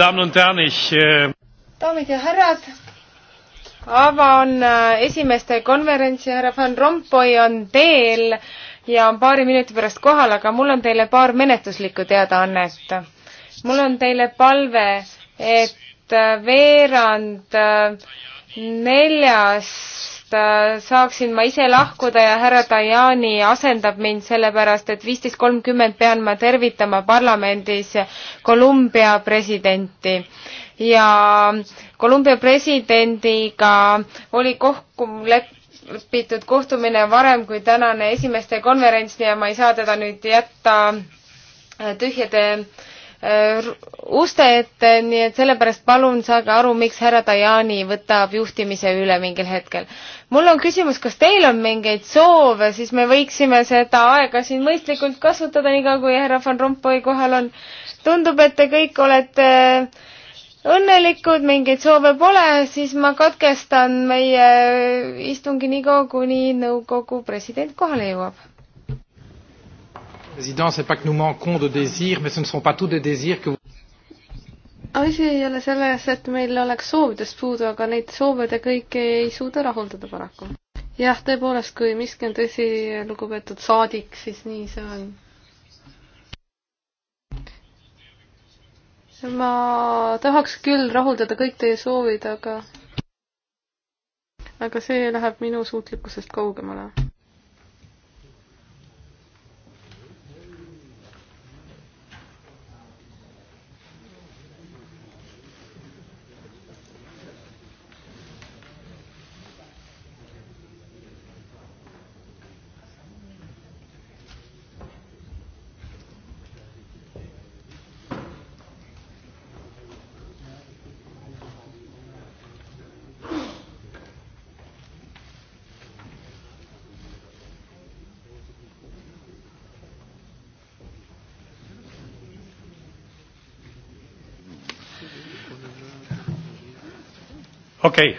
Äh, daamid ja härrad, avan äh, esimeste konverentsi, härra Van Rompuy on teel ja on paari minuti pärast kohal, aga mul on teile paar menetluslikku teadaannet. mul on teile palve, et äh, veerand neljast Äh, saaksin ma ise lahkuda ja härra Tajani asendab mind, sellepärast et viisteist kolmkümmend pean ma tervitama parlamendis Kolumbia presidenti. ja Kolumbia presidendiga oli kokkulepitud kohtumine varem kui tänane esimeste konverents ja ma ei saa teda nüüd jätta äh, tühjade äh, Äh, uste ette, nii et sellepärast palun saage aru, miks härra Tajani võtab juhtimise üle mingil hetkel. mul on küsimus, kas teil on mingeid soove, siis me võiksime seda aega siin mõistlikult kasutada, niikaua kui härra Van Rompuy kohal on. tundub, et te kõik olete õnnelikud, mingeid soove pole, siis ma katkestan meie istungi niikaua, kuni nõukogu president kohale jõuab président, c'est pas que nous manquons de désirs, mais ce ne sont pas tous des désirs que vous asi ei ole selles, et meil oleks soovidest puudu, aga neid soove te kõiki ei suuda rahuldada paraku. jah, tõepoolest, kui miski on tõsi, lugupeetud saadik, siis nii see on. ma tahaks küll rahuldada kõik teie soovid, aga aga see läheb minu suutlikkusest kaugemale okei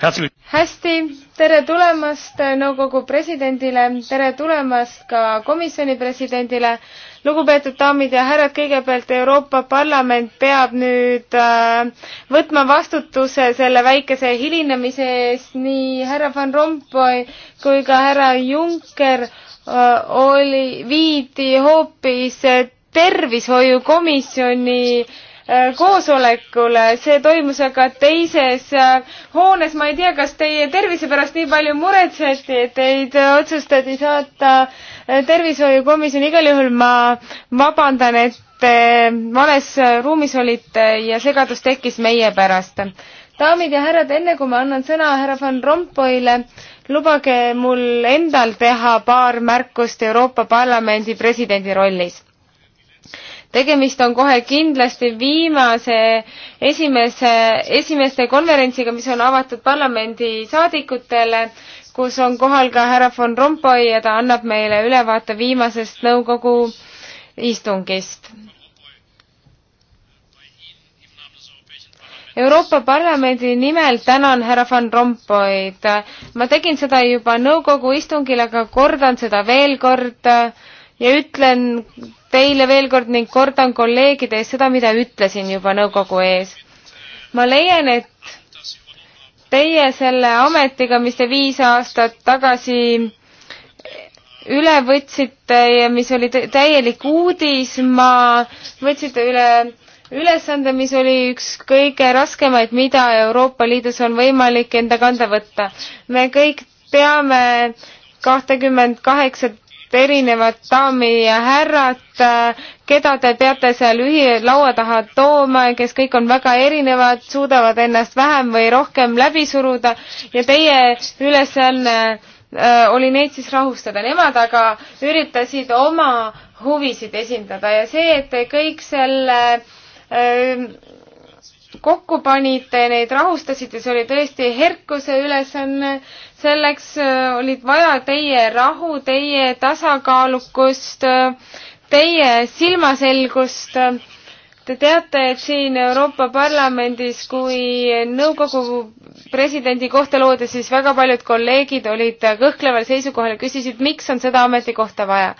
okay.. hästi, tere tulemast nõukogu presidendile, tere tulemast ka komisjoni presidendile. lugupeetud daamid ja härrad, kõigepealt Euroopa Parlament peab nüüd äh, võtma vastutuse selle väikese hilinemise eest, nii härra Van Rompuy kui ka härra Juncker äh, oli, viidi hoopis tervishoiukomisjoni äh, Äh, koosolekule, see toimus aga teises äh, hoones, ma ei tea, kas teie tervise pärast nii palju muretseti, et teid otsustati saata äh, tervishoiukomisjoni, igal juhul ma vabandan, et te vales ruumis olite ja segadus tekkis meie pärast. daamid ja härrad, enne kui ma annan sõna härra Van Rompuyle, lubage mul endal teha paar märkust Euroopa Parlamendi presidendi rollis tegemist on kohe kindlasti viimase esimese, esimeste konverentsiga, mis on avatud parlamendisaadikutele, kus on kohal ka härra Von Rompuy ja ta annab meile ülevaate viimasest nõukogu istungist. Euroopa Parlamendi nimel tänan härra Van Rompuyd. ma tegin seda juba nõukogu istungil, aga kordan seda veel kord ja ütlen teile veel kord ning kordan kolleegide ees seda, mida ütlesin juba nõukogu ees. ma leian, et teie selle ametiga, mis te viis aastat tagasi üle võtsite ja mis oli täielik uudis, ma võtsite üle ülesande, mis oli üks kõige raskemaid, mida Euroopa Liidus on võimalik enda kanda võtta. me kõik teame kahtekümmend kaheksat erinevad daami ja härrad, keda te peate seal ühi-, laua taha tooma ja kes kõik on väga erinevad, suudavad ennast vähem või rohkem läbi suruda ja teie ülesanne äh, oli neid siis rahustada. Nemad aga üritasid oma huvisid esindada ja see, et te kõik selle äh, kokku panite, neid rahustasite, see oli tõesti Herkuse ülesanne, selleks äh, olid vaja teie rahu, teie tasakaalukust, äh, teie silmaselgust. Te teate, et siin Euroopa Parlamendis, kui nõukogu presidendi kohta loodi, siis väga paljud kolleegid olid kõhkleval seisukohal ja küsisid, miks on seda ametikohta vaja.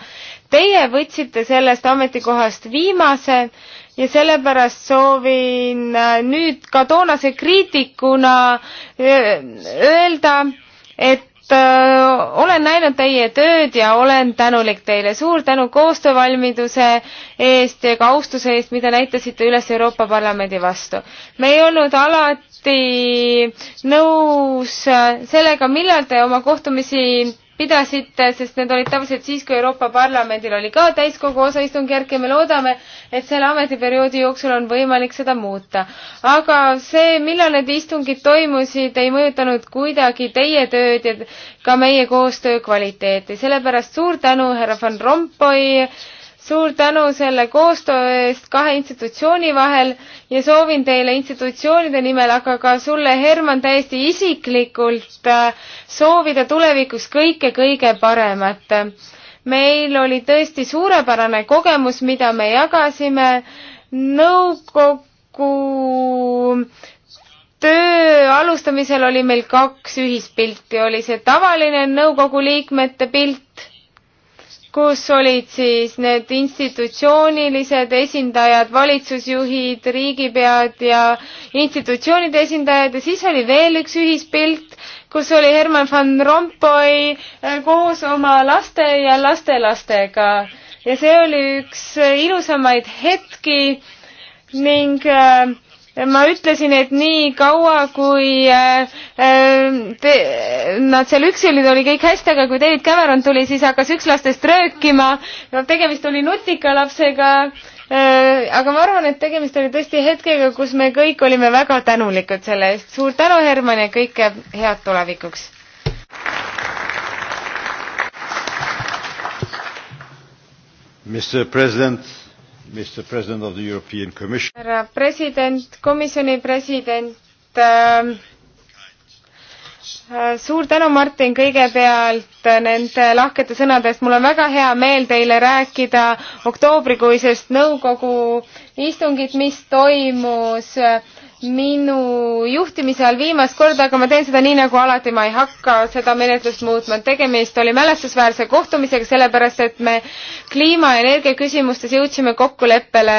Teie võtsite sellest ametikohast viimase ja sellepärast soovin äh, nüüd ka toonase kriitikuna äh, öelda, et äh, olen näinud teie tööd ja olen tänulik teile. suur tänu koostöövalmiduse eest ja ka austuse eest, mida näitasite üles Euroopa Parlamendi vastu. me ei olnud alati nõus sellega, millal te oma kohtumisi pidasite, sest need olid tavaliselt siis, kui Euroopa Parlamendil oli ka täiskogu osaistungjärk ja me loodame, et selle ametiperioodi jooksul on võimalik seda muuta. aga see, millal need istungid toimusid, ei mõjutanud kuidagi teie tööd ja ka meie koostöö kvaliteeti, sellepärast suur tänu, härra Van Rompuy, suur tänu selle koostöö eest kahe institutsiooni vahel ja soovin teile institutsioonide nimel, aga ka sulle, Herman, täiesti isiklikult äh, soovida tulevikus kõike kõige paremat. meil oli tõesti suurepärane kogemus, mida me jagasime nõukogu töö alustamisel oli meil kaks ühispilti, oli see tavaline nõukogu liikmete pilt kus olid siis need institutsioonilised esindajad, valitsusjuhid, riigipead ja institutsioonide esindajad ja siis oli veel üks ühispilt, kus oli Herman van Rompuy äh, koos oma laste ja lastelastega ja see oli üks ilusamaid hetki ning äh, ma ütlesin, et nii kaua, kui äh, äh, te, nad seal üksi olid, oli kõik hästi, aga kui David Cameron tuli, siis hakkas üks lastest röökima. tegemist oli nutika lapsega. Äh, aga ma arvan, et tegemist oli tõesti hetkega, kus me kõik olime väga tänulikud selle eest. suur tänu, Herman ja kõike head tulevikuks. Mr President härra president, komisjoni president ähm, äh,, suur tänu, Martin, kõigepealt nende lahkete sõnade eest. mul on väga hea meel teile rääkida oktoobrikuisest nõukogu istungit, mis toimus äh, minu juhtimise all viimast korda, aga ma teen seda nii nagu alati, ma ei hakka seda menetlust muutma. tegemist oli mälestusväärse kohtumisega, sellepärast et me kliima ja energia küsimustes jõudsime kokkuleppele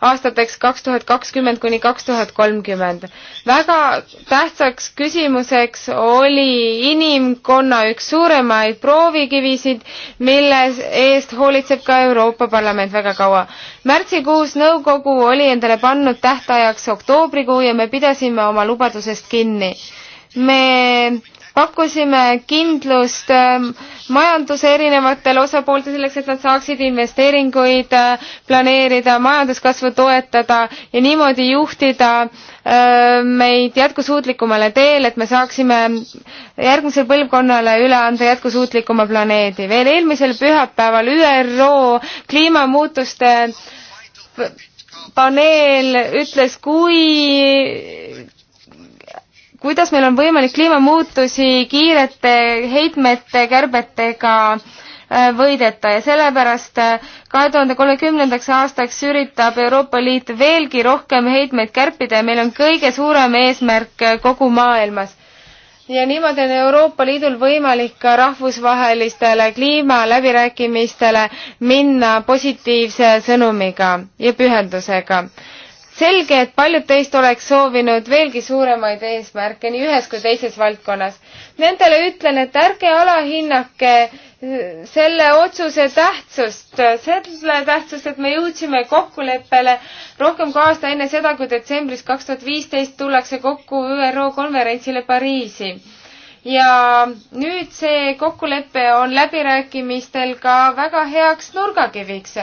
aastateks kaks tuhat kakskümmend kuni kaks tuhat kolmkümmend. väga tähtsaks küsimuseks oli inimkonna üks suuremaid proovikivisid, mille eest hoolitseb ka Euroopa Parlament väga kaua. märtsikuus nõukogu oli endale pannud tähtajaks oktoobrikuu, kokku ja me pidasime oma lubadusest kinni. me pakkusime kindlust ähm, majanduse erinevatele osapooltele selleks, et nad saaksid investeeringuid äh, planeerida, majanduskasvu toetada ja niimoodi juhtida äh, meid jätkusuutlikumale teele, et me saaksime järgmisele põlvkonnale üle anda jätkusuutlikuma planeedi. veel eelmisel pühapäeval ÜRO kliimamuutuste paneel ütles, kui kuidas meil on võimalik kliimamuutusi kiirete heitmete kärbetega äh, võideta ja sellepärast äh, kahe tuhande kolmekümnendaks aastaks üritab Euroopa Liit veelgi rohkem heitmeid kärpida ja meil on kõige suurem eesmärk äh, kogu maailmas ja niimoodi on Euroopa Liidul võimalik ka rahvusvahelistele kliimaläbirääkimistele minna positiivse sõnumiga ja pühendusega. selge, et paljud teist oleks soovinud veelgi suuremaid eesmärke nii ühes kui teises valdkonnas. Nendele ütlen, et ärge alahinnake selle otsuse tähtsust, selle tähtsust, et me jõudsime kokkuleppele rohkem kui aasta enne seda, kui detsembris kaks tuhat viisteist tullakse kokku ÜRO konverentsile Pariisi. ja nüüd see kokkulepe on läbirääkimistel ka väga heaks nurgakiviks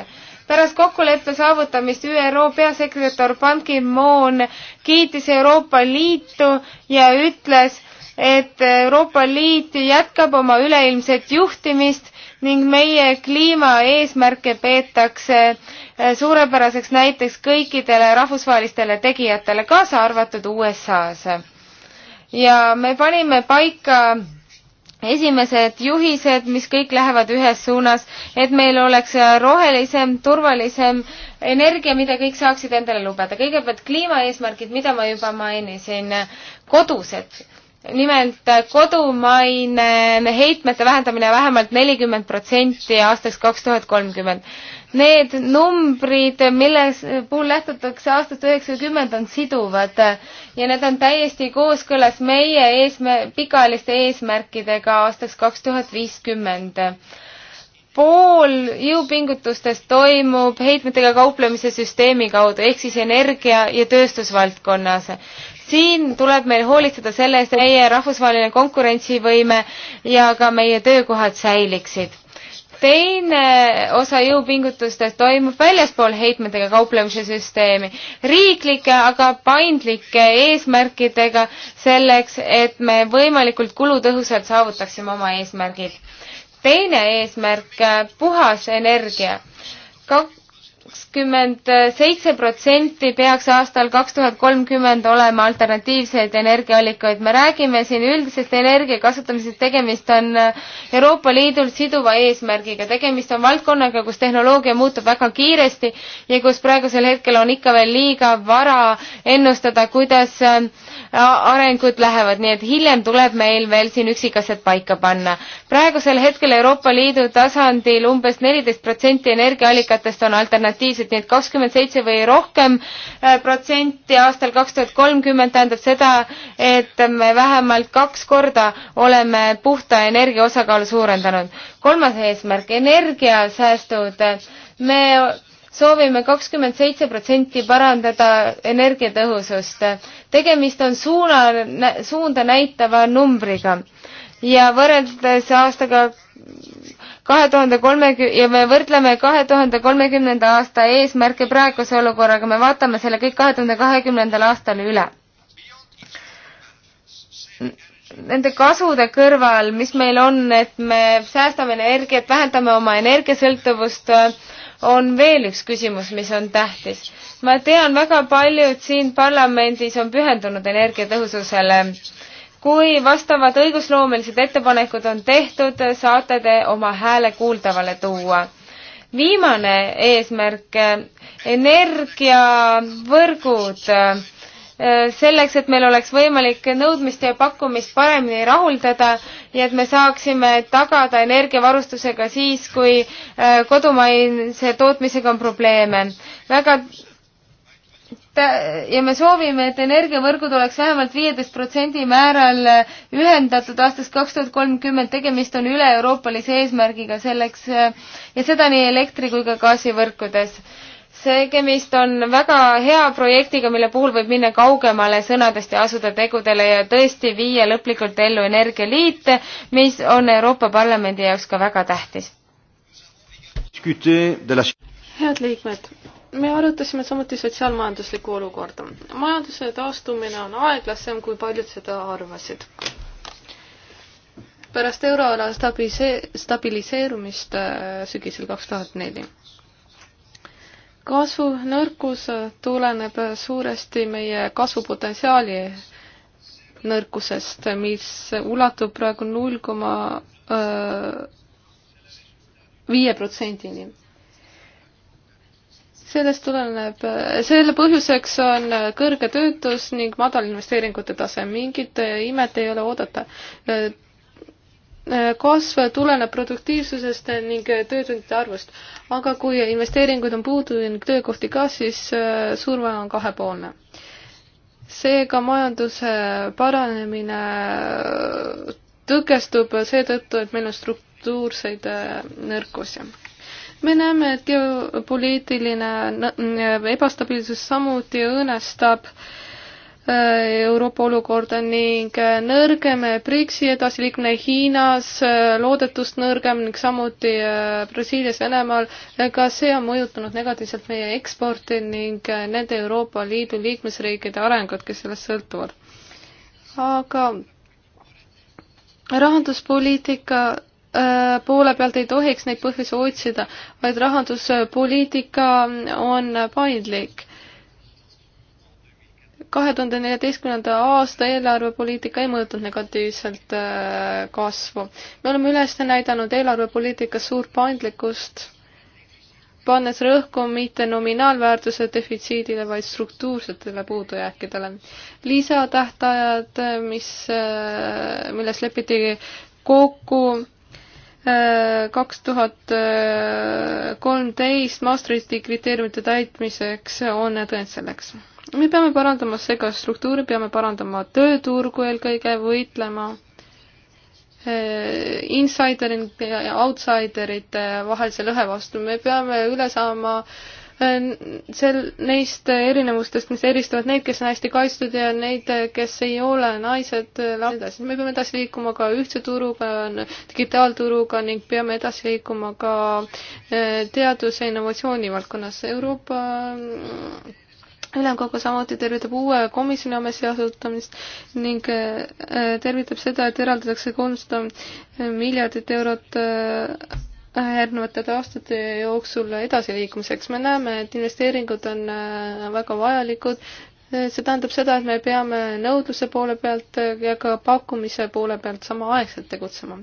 pärast kokkuleppe saavutamist ÜRO peasekretär Ban Ki-moon kiitis Euroopa Liitu ja ütles, et Euroopa Liit jätkab oma üleilmset juhtimist ning meie kliimaeesmärke peetakse eh, suurepäraseks näiteks kõikidele rahvusvahelistele tegijatele, kaasa arvatud USA-s. ja me panime paika esimesed juhised, mis kõik lähevad ühes suunas, et meil oleks rohelisem, turvalisem energia, mida kõik saaksid endale lubada. kõigepealt kliimaeesmärgid, mida ma juba mainisin, kodused nimelt kodumaine heitmete vähendamine vähemalt nelikümmend protsenti aastaks kaks tuhat kolmkümmend. Need numbrid, milles puhul lähtutakse aastast üheksakümmend, on siduvad ja need on täiesti kooskõlas meie eesmär-, pikaajaliste eesmärkidega aastaks kaks tuhat viiskümmend pool jõupingutustest toimub heitmetega kauplemise süsteemi kaudu ehk siis energia ja tööstusvaldkonnas siin tuleb meil hoolitseda selle eest, et meie rahvusvaheline konkurentsivõime ja ka meie töökohad säiliksid. teine osa jõupingutustest toimub väljaspool heitmetega kauplemise süsteemi, riiklike, aga paindlike eesmärkidega selleks, et me võimalikult kulutõhusalt saavutaksime oma eesmärgid. teine eesmärk, puhas energia Ka kakskümmend seitse protsenti peaks aastal kaks tuhat kolmkümmend olema alternatiivseid energiaallikaid. me räägime siin üldisest energia kasutamisest, tegemist on Euroopa Liidul siduva eesmärgiga, tegemist on valdkonnaga, kus tehnoloogia muutub väga kiiresti ja kus praegusel hetkel on ikka veel liiga vara ennustada, kuidas äh, arengud lähevad, nii et hiljem tuleb meil veel siin üksikasjad paika panna. praegusel hetkel Euroopa Liidu tasandil umbes neliteist protsenti energiaallikatest on alternatiivsed alternatiivsed, nii et kakskümmend seitse või rohkem äh, protsenti aastal kaks tuhat kolmkümmend tähendab seda, et me vähemalt kaks korda oleme puhta energia osakaalu suurendanud. kolmas eesmärk, energiasäästud. me soovime kakskümmend seitse protsenti parandada energiatõhusust. tegemist on suuna, suunda näitava numbriga ja võrreldes aastaga kahe tuhande kolmekümne ja me võrdleme kahe tuhande kolmekümnenda aasta eesmärke praeguse olukorraga, me vaatame selle kõik kahe tuhande kahekümnendal aastal üle. Nende kasude kõrval, mis meil on, et me säästame energiat, vähendame oma energiasõltuvust, on veel üks küsimus, mis on tähtis. ma tean, väga paljud siin parlamendis on pühendunud energiatõhususele kui vastavad õigusloomelised ettepanekud on tehtud, saate te oma hääle kuuldavale tuua. viimane eesmärk, energiavõrgud selleks, et meil oleks võimalik nõudmist ja pakkumist paremini rahuldada ja et me saaksime tagada energiavarustusega siis, kui eh, kodumaise tootmisega on probleeme. väga ja me soovime, et energiavõrgud oleks vähemalt viieteist protsendi määral ühendatud aastast kaks tuhat kolmkümmend, tegemist on üle-euroopalise eesmärgiga selleks ja seda nii elektri kui ka gaasivõrkudes. tegemist on väga hea projektiga, mille puhul võib minna kaugemale sõnadest ja asuda tegudele ja tõesti viia lõplikult ellu energialiit, mis on Euroopa Parlamendi jaoks ka väga tähtis. head liikmed me arutasime samuti sotsiaalmajanduslikku olukorda. majanduse taastumine on aeglasem, kui paljud seda arvasid. pärast euroala stabilise-, stabiliseerumist äh, sügisel kaks tuhat neli. kasvu nõrkus tuleneb suuresti meie kasvupotentsiaali nõrkusest, mis ulatub praegu null koma äh, viie protsendini sellest tuleneb, selle põhjuseks on kõrge töötus ning madal investeeringute tase, mingit imet ei ole oodata. kasv tuleneb produktiivsusest ning töötundide arvust, aga kui investeeringuid on puudu ning töökohti ka, siis äh, surve on kahepoolne. seega majanduse paranemine äh, tõkestub seetõttu, et meil on struktuurseid äh, nõrkusi me näeme, et geopoliitiline ebastabiilsus samuti õõnestab äh, Euroopa olukorda ning äh, nõrgem BRICS-i edasiliikumine Hiinas, äh, loodetust nõrgem ning samuti Brasiilias, Venemaal, ka see on mõjutanud negatiivselt meie eksporti ning nende Euroopa Liidu liikmesriikide arengut, kes sellest sõltuvad. aga rahanduspoliitika Äh, poole pealt ei tohiks neid põhjusi otsida, vaid rahanduspoliitika on paindlik. kahe tuhande neljateistkümnenda aasta eelarvepoliitika ei mõjutanud negatiivselt äh, kasvu. me oleme üles näidanud eelarvepoliitikas suurt paindlikkust, pannes rõhku mitte nominaalväärtuse defitsiidile, vaid struktuursetele puudujääkidele. lisatähtajad, mis, äh, milles lepiti kokku kaks tuhat kolmteist Maastrichti kriteeriumite täitmiseks on tõend selleks. me peame parandama segast struktuuri, peame parandama tööturgu eelkõige, võitlema eh, insiderite ja outsiderite vahelise lõhe vastu, me peame üle saama äh, sel, neist erinevustest, mis eristavad neid, kes on hästi kaitstud ja neid, kes ei ole, naised, lapsed, me peame edasi liikuma ka ühtse turuga, digitaalturuga ning peame edasi liikuma ka e, teaduse innovatsiooni valdkonnas. Euroopa mm, ülemkogu samuti tervitab uue komisjoni ametisse asutamist ning e, e, tervitab seda, et eraldatakse kolmsada miljardit eurot Äh, järgnevate aastate jooksul edasiliikumiseks. me näeme, et investeeringud on äh, väga vajalikud. Äh, see tähendab seda, et me peame nõudluse poole pealt ja ka pakkumise poole pealt samaaegselt tegutsema.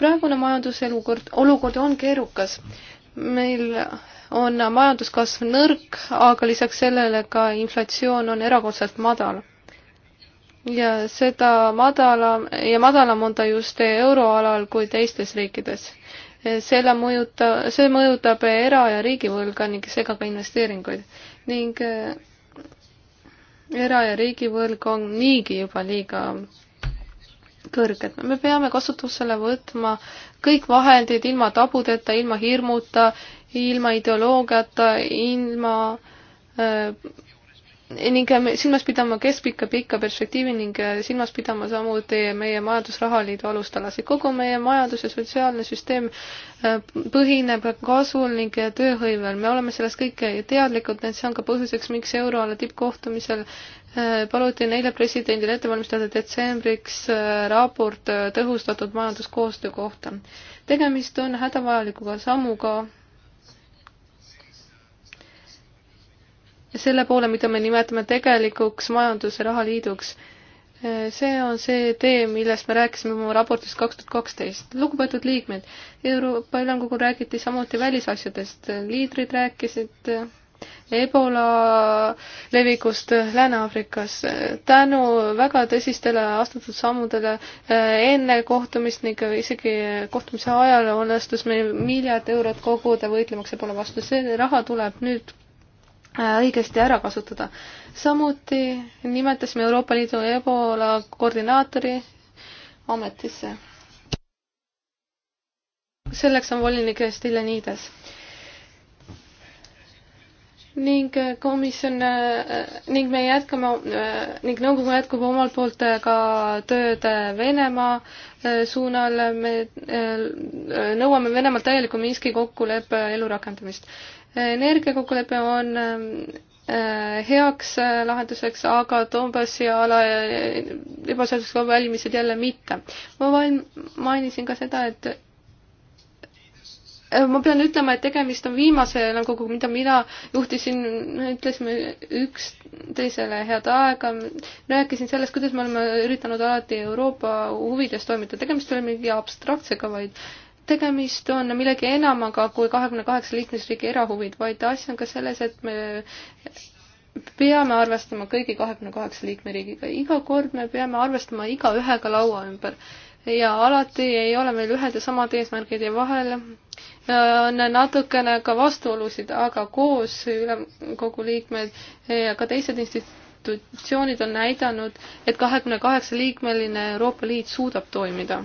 praegune majanduselukord, olukord on keerukas. meil on majanduskasv nõrk, aga lisaks sellele ka inflatsioon on erakordselt madal ja seda madalam ja madalam on ta just euroalal kui teistes riikides selle mõjuta, see mõjutab era- ja riigivõlga ning seega ka investeeringuid. ning eh, era- ja riigivõlg on niigi juba liiga kõrged. me peame kasutusele võtma kõik vahendid ilma tabudeta, ilma hirmuta, ilma ideoloogiata, ilma äh, ning äh, silmas pidama keskpikka pikka perspektiivi ning äh, silmas pidama samuti meie majandusrahaliidu alustalasid. kogu meie majandus ja sotsiaalne süsteem äh, põhineb kasul ning tööhõivel. me oleme sellest kõike teadlikud, et see on ka põhjuseks, miks euroala tippkohtumisel paluti neile presidendile ette valmistada detsembriks raport tõhustatud majanduskoostöö kohta. tegemist on hädavajalikuga sammuga selle poole, mida me nimetame tegelikuks majandus- ja rahaliiduks. Eh, see on see tee, millest me rääkisime oma raportis kaks tuhat kaksteist. lugupeetud liikmed, Euroopa Ülemkogul räägiti samuti välisasjadest, liidrid rääkisid ebola levikust Lääne-Aafrikas. tänu väga tõsistele astutud sammudele eh, enne kohtumist ning isegi kohtumise ajal õnnestus meil miljard eurot koguda võitlemaks ebola vastu. see raha tuleb nüüd Äh, õigesti ära kasutada. samuti nimetasime Euroopa Liidu Ebola koordinaatori ametisse. selleks on volinik Stiljanides. ning äh, komisjon äh, ning me jätkame ning nõukogu jätkub omalt poolt ka tööd Venemaa suunal. me nõuame Venemaalt täieliku Minski kokkuleppe elurakendamist energiakokkulepe on ähm, äh, heaks äh, lahenduseks, aga Donbassi ala äh, ebaseaduslikud valimised jälle mitte. ma valm-, mainisin ka seda, et ma pean ütlema, et tegemist on viimase nõukoguga nagu,, mida mina juhtisin, ütlesime üksteisele head aega, rääkisin sellest, kuidas me oleme üritanud alati Euroopa huvides toimida, tegemist ei ole mingi abstraktsega, vaid tegemist on millegi enamaga kui kahekümne kaheksa liikmesriigi erahuvid, vaid asi on ka selles, et me peame arvestama kõigi kahekümne kaheksa liikmeriigiga, iga kord me peame arvestama igaühega laua ümber ja alati ei ole meil ühed ja samad eesmärgid ja vahel äh, on natukene ka vastuolusid, aga koos ülemkogu liikmed äh, ja ka teised institutsioonid on näidanud, et kahekümne kaheksa liikmeline Euroopa Liit suudab toimida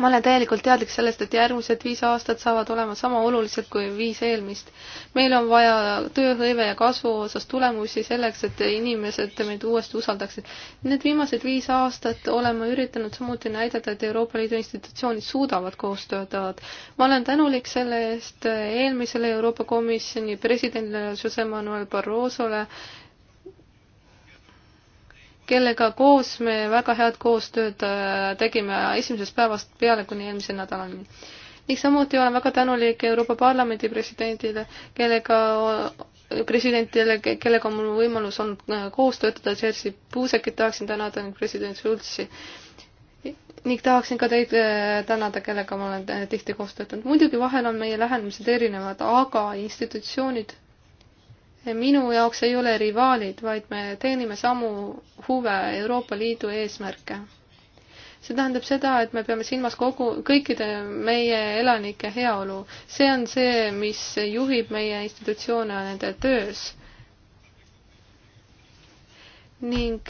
ma olen täielikult teadlik sellest, et järgmised viis aastat saavad olema sama olulised kui viis eelmist. meil on vaja tööhõive ja kasvu osas tulemusi selleks, et inimesed meid uuesti usaldaksid. Need viimased viis aastat oleme üritanud samuti näidata, et Euroopa Liidu institutsioonid suudavad koostööd teha. ma olen tänulik selle eest eelmisele Euroopa Komisjoni presidendile Jose Manuel Barrosole kellega koos me väga head koostööd äh, tegime esimesest päevast peale kuni eelmise nädalani. ning samuti olen väga tänulik Euroopa Parlamendi presidendile, kellega presidentidele, kellega on mul võimalus olnud äh, koos töötada, Jerzy Puusekit tahaksin tänada ning president Schulzi. ning tahaksin ka teid äh, tänada, kellega ma olen tihti koos töötanud. muidugi vahel on meie lähenemised erinevad, aga institutsioonid minu jaoks ei ole rivaalid, vaid me teenime samu huve, Euroopa Liidu eesmärke. see tähendab seda, et me peame silmas kogu, kõikide meie elanike heaolu. see on see, mis juhib meie institutsioone nende töös. ning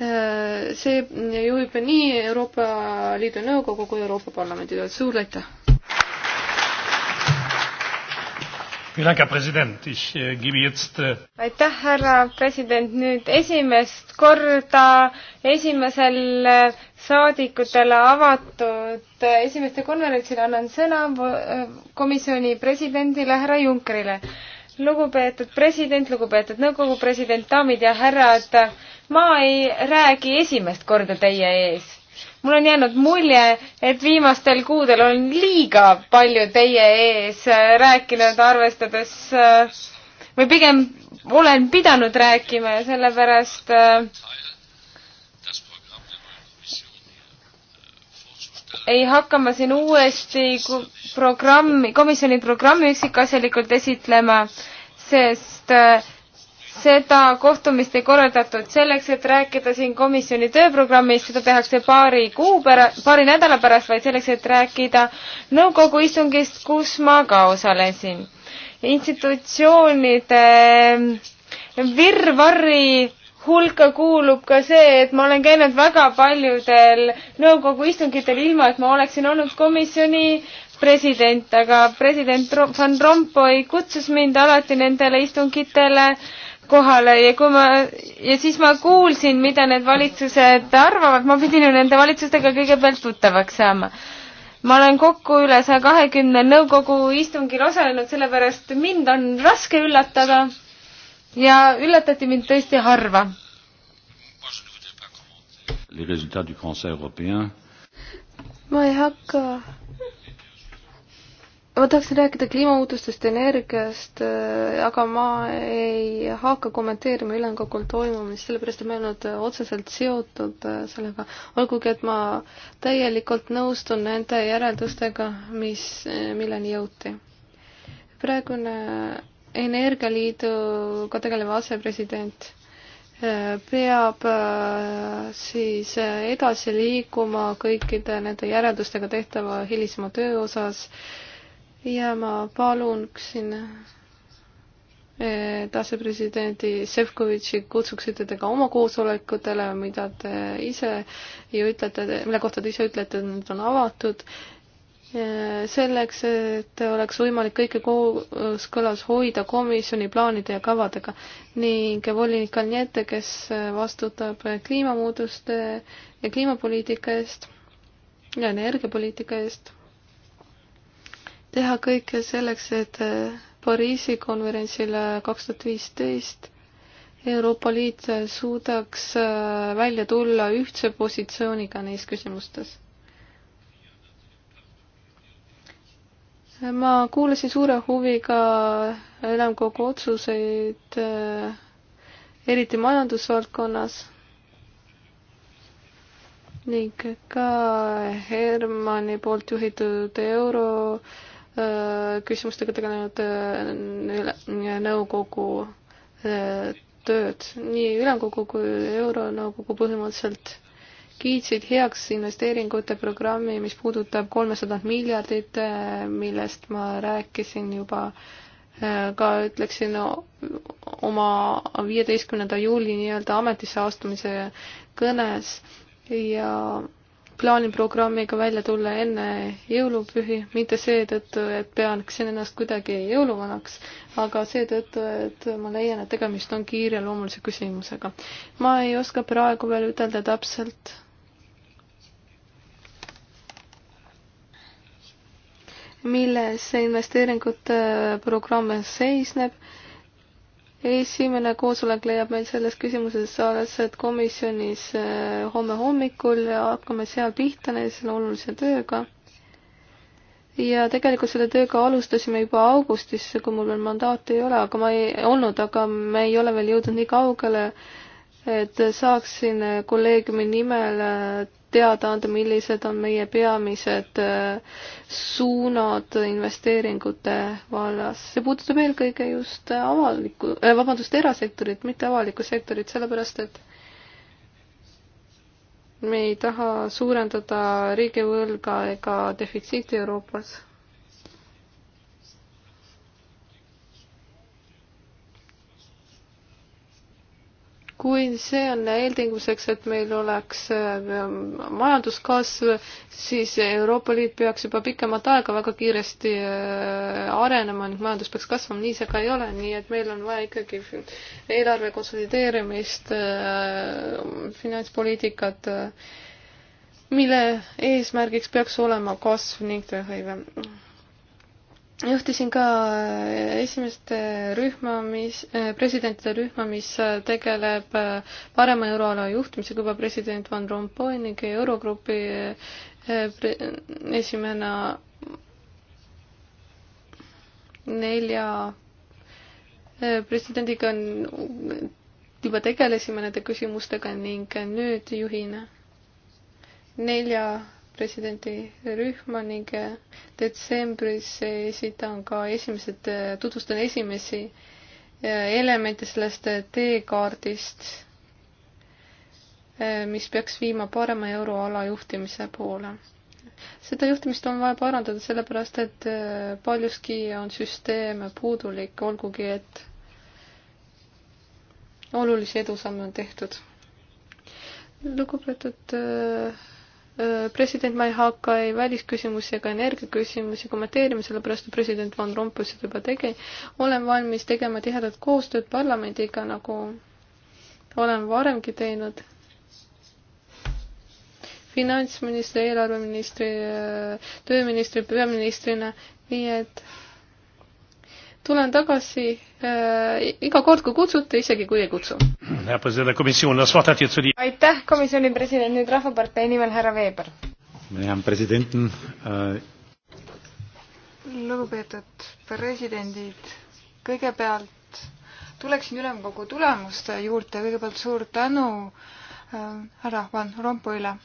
äh, see juhib nii Euroopa Liidu Nõukogu kui Euroopa Parlamendi tööd. suur aitäh! Äh, äh, aitäh, härra president, nüüd esimest korda esimesel saadikutele avatud äh, esimeste konverentsil annan sõna komisjoni presidendile härra Junckerile. lugupeetud president, lugupeetud nõukogu president, daamid ja härrad, ma ei räägi esimest korda teie ees mul on jäänud mulje, et viimastel kuudel olen liiga palju teie ees äh, rääkinud, arvestades äh, või pigem olen pidanud rääkima ja sellepärast äh, ei hakka ma siin uuesti programmi, komisjoni programmi üksikasjalikult esitlema, sest äh, seda kohtumist ei korraldatud selleks, et rääkida siin komisjoni tööprogrammist, seda tehakse paari kuu pärast, paari nädala pärast, vaid selleks, et rääkida nõukogu istungist, kus ma ka osalesin. institutsioonide virvarri hulka kuulub ka see, et ma olen käinud väga paljudel nõukogu istungitel, ilma et ma oleksin olnud komisjoni president, aga president Van Rompuy kutsus mind alati nendele istungitele kohale ja kui ma, ja siis ma kuulsin, mida need valitsused arvavad, ma pidin ju nende valitsustega kõigepealt tuttavaks saama. ma olen kokku üle saja kahekümne nõukogu istungil osalenud, sellepärast mind on raske üllatada ja üllatati mind tõesti harva. ma ei hakka ma tahaksin rääkida kliimamuutustest, energiast, äh, aga ma ei hakka kommenteerima ülemkogul toimumist, sellepärast et ma ei olnud äh, otseselt seotud äh, sellega. olgugi, et ma täielikult nõustun nende järeldustega, mis, milleni jõuti. praegune Energialiiduga tegelev asepresident peab siis edasi liikuma kõikide nende järeldustega tehtava hilisema töö osas äh, ja ma paluksin et eh, asepresidendi Šefkovitši kutsuksite te ka oma koosolekutele, mida te ise ju ütlete, mille kohta te ise ütlete, et need on avatud, eh, selleks, et oleks võimalik kõike kooskõlas hoida komisjoni plaanide ja kavadega ning volinik Kalniete, kes vastutab kliimamuutuste ja kliimapoliitika eest ja energiapoliitika eest teha kõike selleks, et äh, Pariisi konverentsile äh, kaks tuhat viisteist Euroopa Liit suudaks äh, välja tulla ühtse positsiooniga neis küsimustes. ma kuulasin suure huviga ülemkogu otsuseid, eriti majandusvaldkonnas ning ka Hermanni poolt juhitud euro äh, Äh, küsimustega tegelenud äh, nõukogu äh, tööd. nii Ülemkogu kui Euronõukogu põhimõtteliselt kiitsid heaks investeeringute programmi, mis puudutab kolmesadat miljardit, millest ma rääkisin juba ka ütleksin oma viieteistkümnenda juuli nii-öelda ametisse astumise kõnes ja plaanin programmiga välja tulla enne jõulupühi, mitte seetõttu, et peaksin ennast kuidagi jõuluvanaks, aga seetõttu, et ma leian, et tegemist on kiireloomulise küsimusega. ma ei oska praegu veel ütelda täpselt, milles see investeeringute programm seisneb esimene koosolek leiab meil selles küsimuses aset komisjonis eh, homme hommikul ja hakkame seal pihta selle olulise tööga. ja tegelikult selle tööga alustasime juba augustis, kui mul veel mandaati ei ole, aga ma ei olnud, aga me ei ole veel jõudnud nii kaugele, et saaksin kolleegiumi nimel eh, teada anda, millised on meie peamised äh, suunad investeeringute vallas. see puudutab eelkõige just avalikku, äh, vabandust, erasektorit, mitte avalikku sektorit, sellepärast et me ei taha suurendada riigivõlga ega defitsiiti Euroopas kui see on eeltingimuseks, et meil oleks äh, majanduskasv, siis Euroopa Liit peaks juba pikemat aega väga kiiresti äh, arenema ning majandus peaks kasvama, nii see ka ei ole, nii et meil on vaja ikkagi eelarve konsolideerimist, äh, finantspoliitikat, mille eesmärgiks peaks olema kasv ning tööhõive juhtisin ka äh, esimest äh, rühma, mis, äh, presidentide rühma, mis tegeleb parema euroala juhtimisega juba president Van Rompuy ning Eurogrupi esimehena nelja presidendiga on, juba tegelesime nende küsimustega ning nüüd juhin nelja presidendi rühma ning äh, detsembris esitan ka esimesed, äh, tutvustan esimesi äh, elemente sellest teekaardist, mis peaks viima parema euroala juhtimise poole. seda juhtimist on vaja parandada sellepärast, et paljuski on süsteem puudulik, olgugi et olulisi edusamme on tehtud. lugupeetud äh, Äh, president, ma ei hakka ei välisküsimusi ega energiaküsimusi kommenteerima, sellepärast et president Van Rompuy seda juba tegi. olen valmis tegema tihedat koostööd parlamendiga, nagu olen varemgi teinud. finantsministri, eelarveministri, äh, tööministri, peaministrina, nii et tulen tagasi äh, iga kord, kui kutsute, isegi kui ei kutsu. aitäh, komisjoni president, nüüd Rahvapartei nimel härra Veeber. Äh... lugupeetud presidendid, kõigepealt tuleksin ülemkogu tulemuste juurde, kõigepealt suur tänu äh, härra Van Rompuyle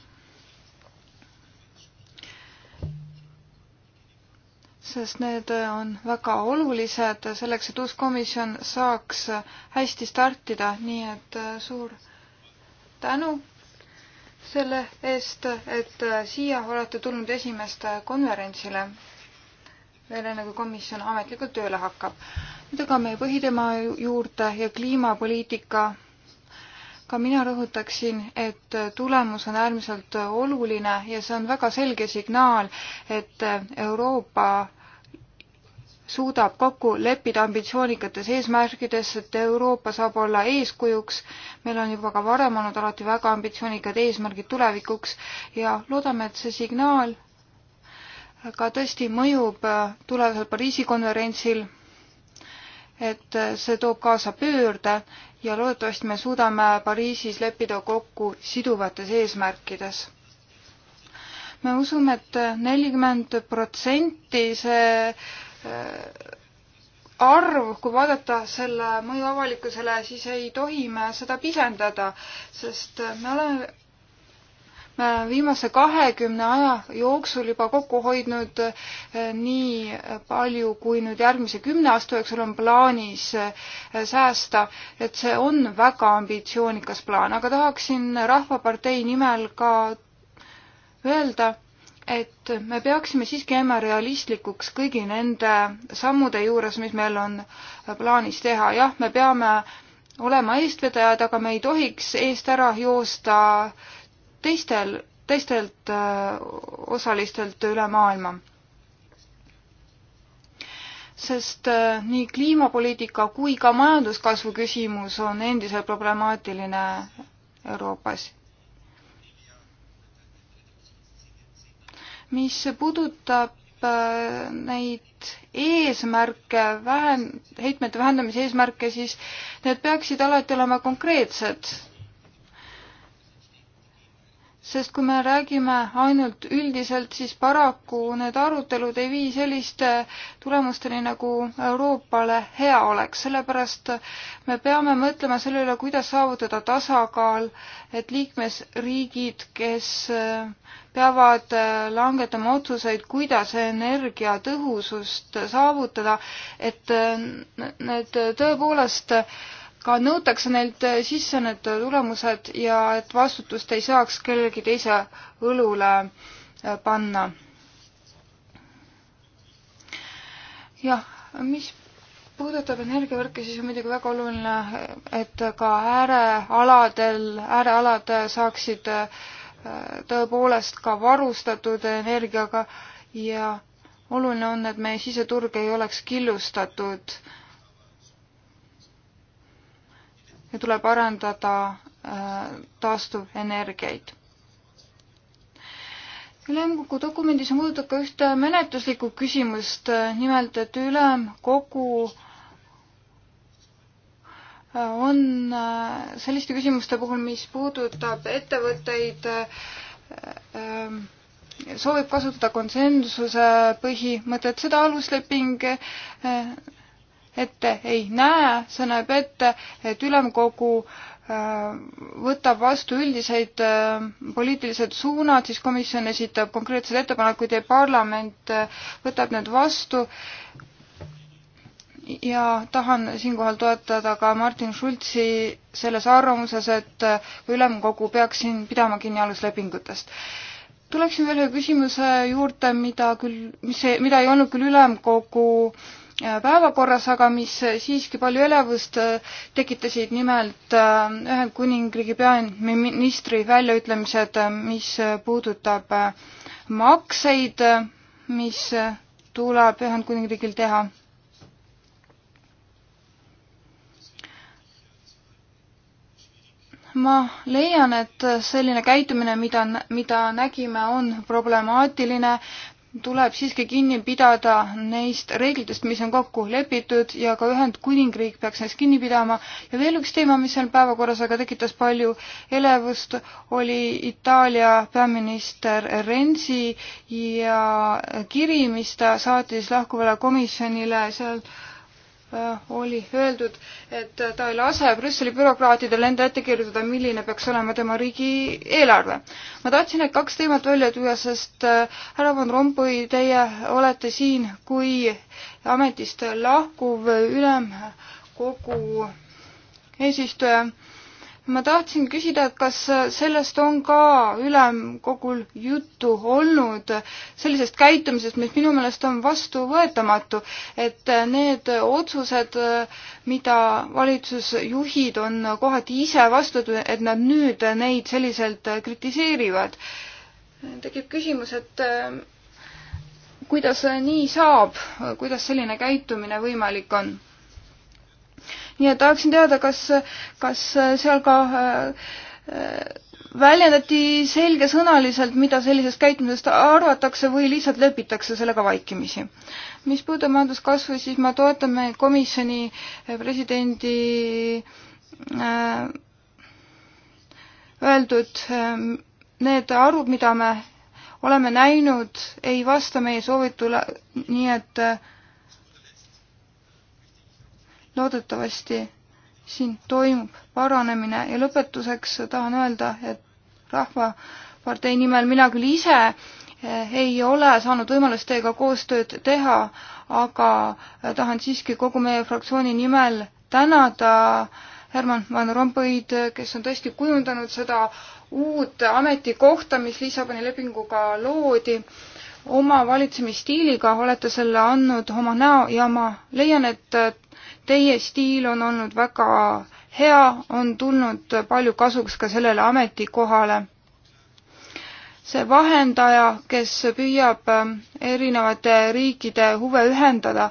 sest need on väga olulised selleks, et uus komisjon saaks hästi startida, nii et äh, suur tänu selle eest, et äh, siia olete tulnud esimeste äh, konverentsile veel enne, kui komisjon ametlikult tööle hakkab. nüüd aga meie põhiteema juurde ja kliimapoliitika. ka mina rõhutaksin, et tulemus on äärmiselt oluline ja see on väga selge signaal, et Euroopa suudab kokku leppida ambitsioonikates eesmärkides, et Euroopa saab olla eeskujuks. meil on juba ka varem olnud alati väga ambitsioonikad eesmärgid tulevikuks ja loodame, et see signaal ka tõesti mõjub äh, tulevasel Pariisi konverentsil, et äh, see toob kaasa pöörde ja loodetavasti me suudame Pariisis leppida kokku siduvates eesmärkides me usume et, et äh, nelikümmend protsenti see arv, kui vaadata selle mõju avalikkusele, siis ei tohi me seda pisendada, sest me oleme me viimase kahekümne aja jooksul juba kokku hoidnud eh, nii palju, kui nüüd järgmise kümne aasta jooksul on plaanis eh, säästa, et see on väga ambitsioonikas plaan, aga tahaksin Rahvapartei nimel ka öelda, et me peaksime siiski jääma realistlikuks kõigi nende sammude juures, mis meil on plaanis teha. jah, me peame olema eestvedajad, aga me ei tohiks eest ära joosta teistel, teistelt äh, osalistelt üle maailma. sest äh, nii kliimapoliitika kui ka majanduskasvu küsimus on endiselt problemaatiline Euroopas mis puudutab äh, neid eesmärke, vähen-, heitmete vähendamise eesmärke, siis need peaksid alati olema konkreetsed sest kui me räägime ainult üldiselt, siis paraku need arutelud ei vii selliste tulemusteni, nagu Euroopale hea oleks, sellepärast me peame mõtlema selle üle, kuidas saavutada tasakaal, et liikmesriigid, kes äh, peavad äh, langetama otsuseid, kuidas energiatõhusust saavutada, et äh, need tõepoolest ka nõutakse neilt äh, sisse need äh, tulemused ja et vastutust ei saaks kellegi teise õlule äh, panna. jah, mis puudutab energiavõrke, siis on muidugi väga oluline, et ka äärealadel, äärealad saaksid tõepoolest ka varustatud energiaga ja oluline on, et meie siseturg ei oleks killustatud äh, ja tuleb arendada äh, taastuvenergiaid. ülemkogu dokumendis on puudutab ka ühte menetluslikku küsimust, äh, nimelt et ülemkogu äh, on selliste küsimuste puhul, mis puudutab ettevõtteid, soovib kasutada konsensuse põhimõtet, seda alusleping ette ei näe, see näeb ette, et ülemkogu äh, võtab vastu üldised äh, poliitilised suunad, siis komisjon esitab konkreetsed ettepanekud ja parlament äh, võtab need vastu. ja tahan siinkohal toetada ka Martin Schulzi selles arvamuses, et ülemkogu peaks siin pidama kinni aluslepingutest tuleksin veel ühe küsimuse juurde, mida küll, mis, mida ei olnud küll ülemkogu Äh, päevakorras, aga mis äh, siiski palju elevust äh, tekitasid, nimelt Ühendkuningriigi peaministri väljaütlemised, mis puudutab makseid, mis tuleb Ühendkuningriigil teha. ma leian, et selline käitumine, mida, mida nägime, on problemaatiline tuleb siiski kinni pidada neist reeglitest, mis on kokku lepitud ja ka Ühendkuningriik peaks neist kinni pidama. ja veel üks teema, mis seal päevakorras aga tekitas palju elevust, oli Itaalia peaminister Renzi ja kiri, mis ta saatis lahkuvale komisjonile, seal äh, Äh, oli öeldud, et ta ei lase Brüsseli bürokraatidel enda ette kirjutada, milline peaks olema tema riigi eelarve. ma tahtsin need kaks teemat välja tuua, sest äh, härra Van Rompuy, teie olete siin kui ametist lahkuv ülemkogu eesistuja ma tahtsin küsida, et kas sellest on ka ülemkogul juttu olnud, sellisest käitumisest, mis minu meelest on vastuvõetamatu, et need otsused, mida valitsusjuhid on kohati ise vastu võtnud, et nad nüüd neid selliselt kritiseerivad. tekib küsimus, et kuidas nii saab, kuidas selline käitumine võimalik on nii et tahaksin teada, kas, kas seal ka äh, väljendati selgesõnaliselt, mida sellisest käitumisest arvatakse või lihtsalt lepitakse sellega vaikimisi. mis puudutab majanduskasvu, siis me toetame komisjoni äh, presidendi äh, öeldud need arvud, mida me oleme näinud, ei vasta meie soovitule, nii et äh, loodetavasti siin toimub paranemine ja lõpetuseks tahan öelda, et Rahvapartei nimel mina küll ise eh, ei ole saanud võimalust teiega koostööd teha, aga eh, tahan siiski kogu meie fraktsiooni nimel tänada Herman Van Rompuyd, kes on tõesti kujundanud seda uut ametikohta, mis Lissaboni lepinguga loodi. oma valitsemisstiiliga olete selle andnud oma näo ja ma leian, et Teie stiil on olnud väga hea, on tulnud palju kasuks ka sellele ametikohale. see vahendaja, kes püüab ähm, erinevate riikide huve ühendada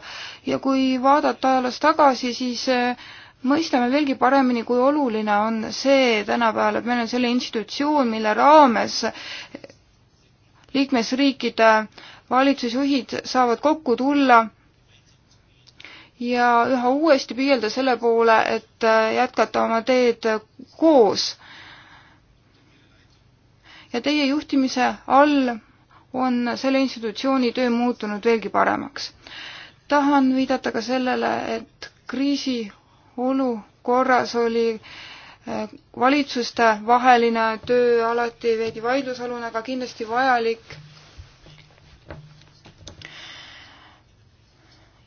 ja kui vaadata ajaloos tagasi, siis äh, mõistame veelgi paremini, kui oluline on see tänapäeval, et meil on selline institutsioon, mille raames liikmesriikide valitsusjuhid saavad kokku tulla ja üha uuesti püüelda selle poole, et äh, jätkata oma teed äh, koos. ja teie juhtimise all on selle institutsiooni töö muutunud veelgi paremaks. tahan viidata ka sellele, et kriisiolukorras oli äh, valitsuste vaheline töö alati veidi vaidlusalune, aga kindlasti vajalik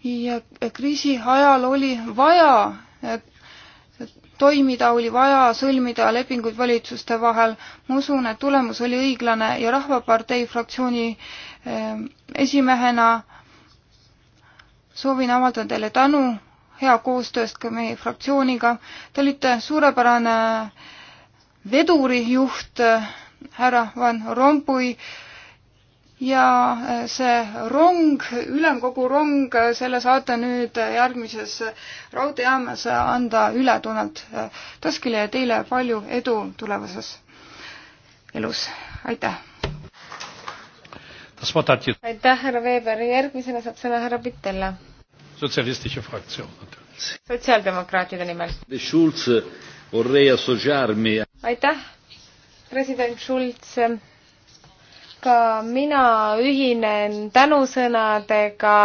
ja kriisi ajal oli vaja toimida, oli vaja sõlmida lepinguid valitsuste vahel. ma usun, et tulemus oli õiglane ja Rahvapartei fraktsiooni ehm, esimehena soovin avaldada teile tänu hea koostööst ka meie fraktsiooniga. Te olite suurepärane vedurijuht, härra Van Rompuy ja äh, see rong, ülemkogu rong, äh, selle saate nüüd äh, järgmises raudteejaamas anda üle Donald Tuskile ja teile palju edu tulevases elus, aitäh! aitäh, härra Veber, järgmisena saab sõna härra Pitella. sotsiaaldemokraatide nimel. aitäh, president Schulz ka mina ühinen tänusõnadega,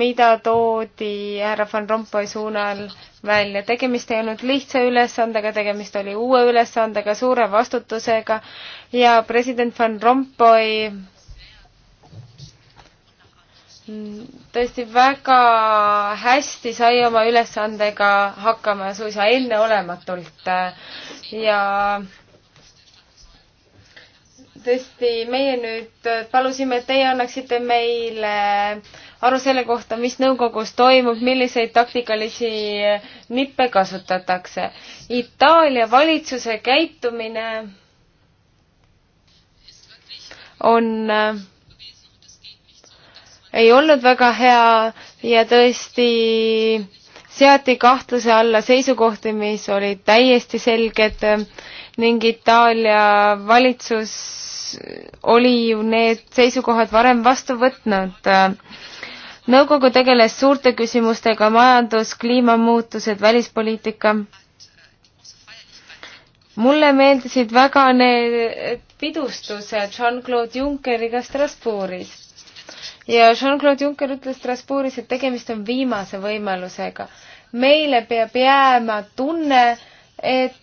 mida toodi härra Van Rompuy suunal välja. tegemist ei olnud lihtsa ülesandega, tegemist oli uue ülesandega, suure vastutusega ja president Van Rompuy tõesti väga hästi sai oma ülesandega hakkama suisa enneolematult ja tõesti, meie nüüd palusime, et teie annaksite meile aru selle kohta, mis nõukogus toimub, milliseid taktikalisi nippe kasutatakse. Itaalia valitsuse käitumine on, ei olnud väga hea ja tõesti seati kahtluse alla seisukohti, mis olid täiesti selged ning Itaalia valitsus oli ju need seisukohad varem vastu võtnud. nõukogu tegeles suurte küsimustega majandus, kliimamuutused, välispoliitika. mulle meeldisid väga need pidustused Jean-Claude Junckeriga Strasbourgis. ja Jean-Claude Juncker ütles Strasbourgis, et tegemist on viimase võimalusega. meile peab jääma tunne, et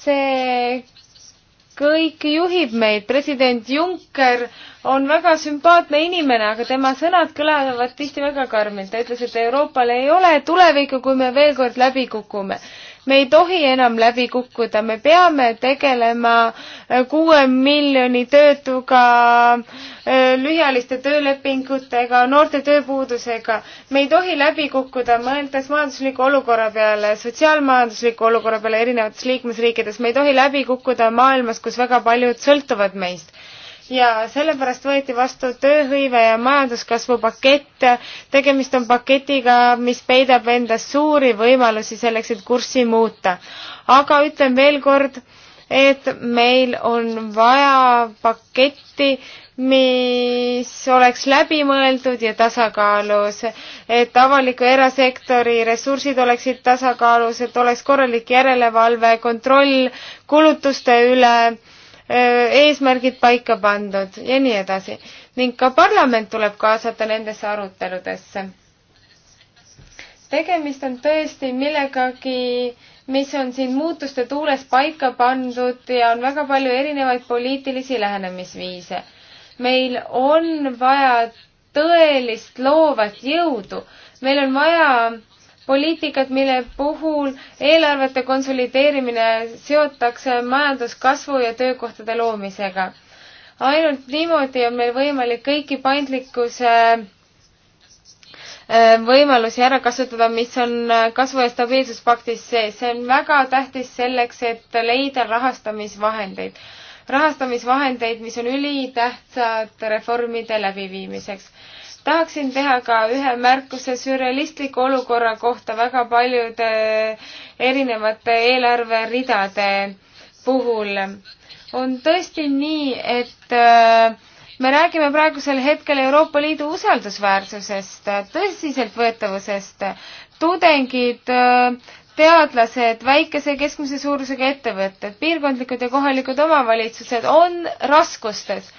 see kõike juhib meid. president Juncker on väga sümpaatne inimene, aga tema sõnad kõlavad tihti väga karmilt. ta ütles, et Euroopal ei ole tulevikku, kui me veel kord läbi kukume me ei tohi enam läbi kukkuda, me peame tegelema äh, kuue miljoni töötuga, äh, lühiajaliste töölepingutega, noorte tööpuudusega. me ei tohi läbi kukkuda, mõeldes majandusliku olukorra peale, sotsiaalmajandusliku olukorra peale erinevates liikmesriikides, me ei tohi läbi kukkuda maailmas, kus väga paljud sõltuvad meist ja sellepärast võeti vastu tööhõive ja majanduskasvu pakett. tegemist on paketiga, mis peidab endas suuri võimalusi selleks, et kurssi muuta. aga ütlen veel kord, et meil on vaja paketti, mis oleks läbimõeldud ja tasakaalus, et avaliku erasektori ressursid oleksid tasakaalus, et oleks korralik järelevalve, kontroll kulutuste üle Äh, eesmärgid paika pandud ja nii edasi. ning ka parlament tuleb kaasata nendesse aruteludesse. tegemist on tõesti millegagi, mis on siin muutuste tuules paika pandud ja on väga palju erinevaid poliitilisi lähenemisviise. meil on vaja tõelist loovat jõudu, meil on vaja poliitikat, mille puhul eelarvete konsolideerimine seotakse majanduskasvu ja töökohtade loomisega. ainult niimoodi on meil võimalik kõiki paindlikkuse äh, võimalusi ära kasutada, mis on äh, kasvu- ja stabiilsuspaktis sees. see on väga tähtis selleks, et leida rahastamisvahendeid. rahastamisvahendeid, mis on ülitähtsad reformide läbiviimiseks tahaksin teha ka ühe märkuse sürrealistliku olukorra kohta väga paljude erinevate eelarveridade puhul. on tõesti nii, et äh, me räägime praegusel hetkel Euroopa Liidu usaldusväärsusest, tõsiseltvõetavusest. tudengid, äh, teadlased, väikese ja keskmise suurusega ettevõtted, piirkondlikud ja kohalikud omavalitsused on raskustes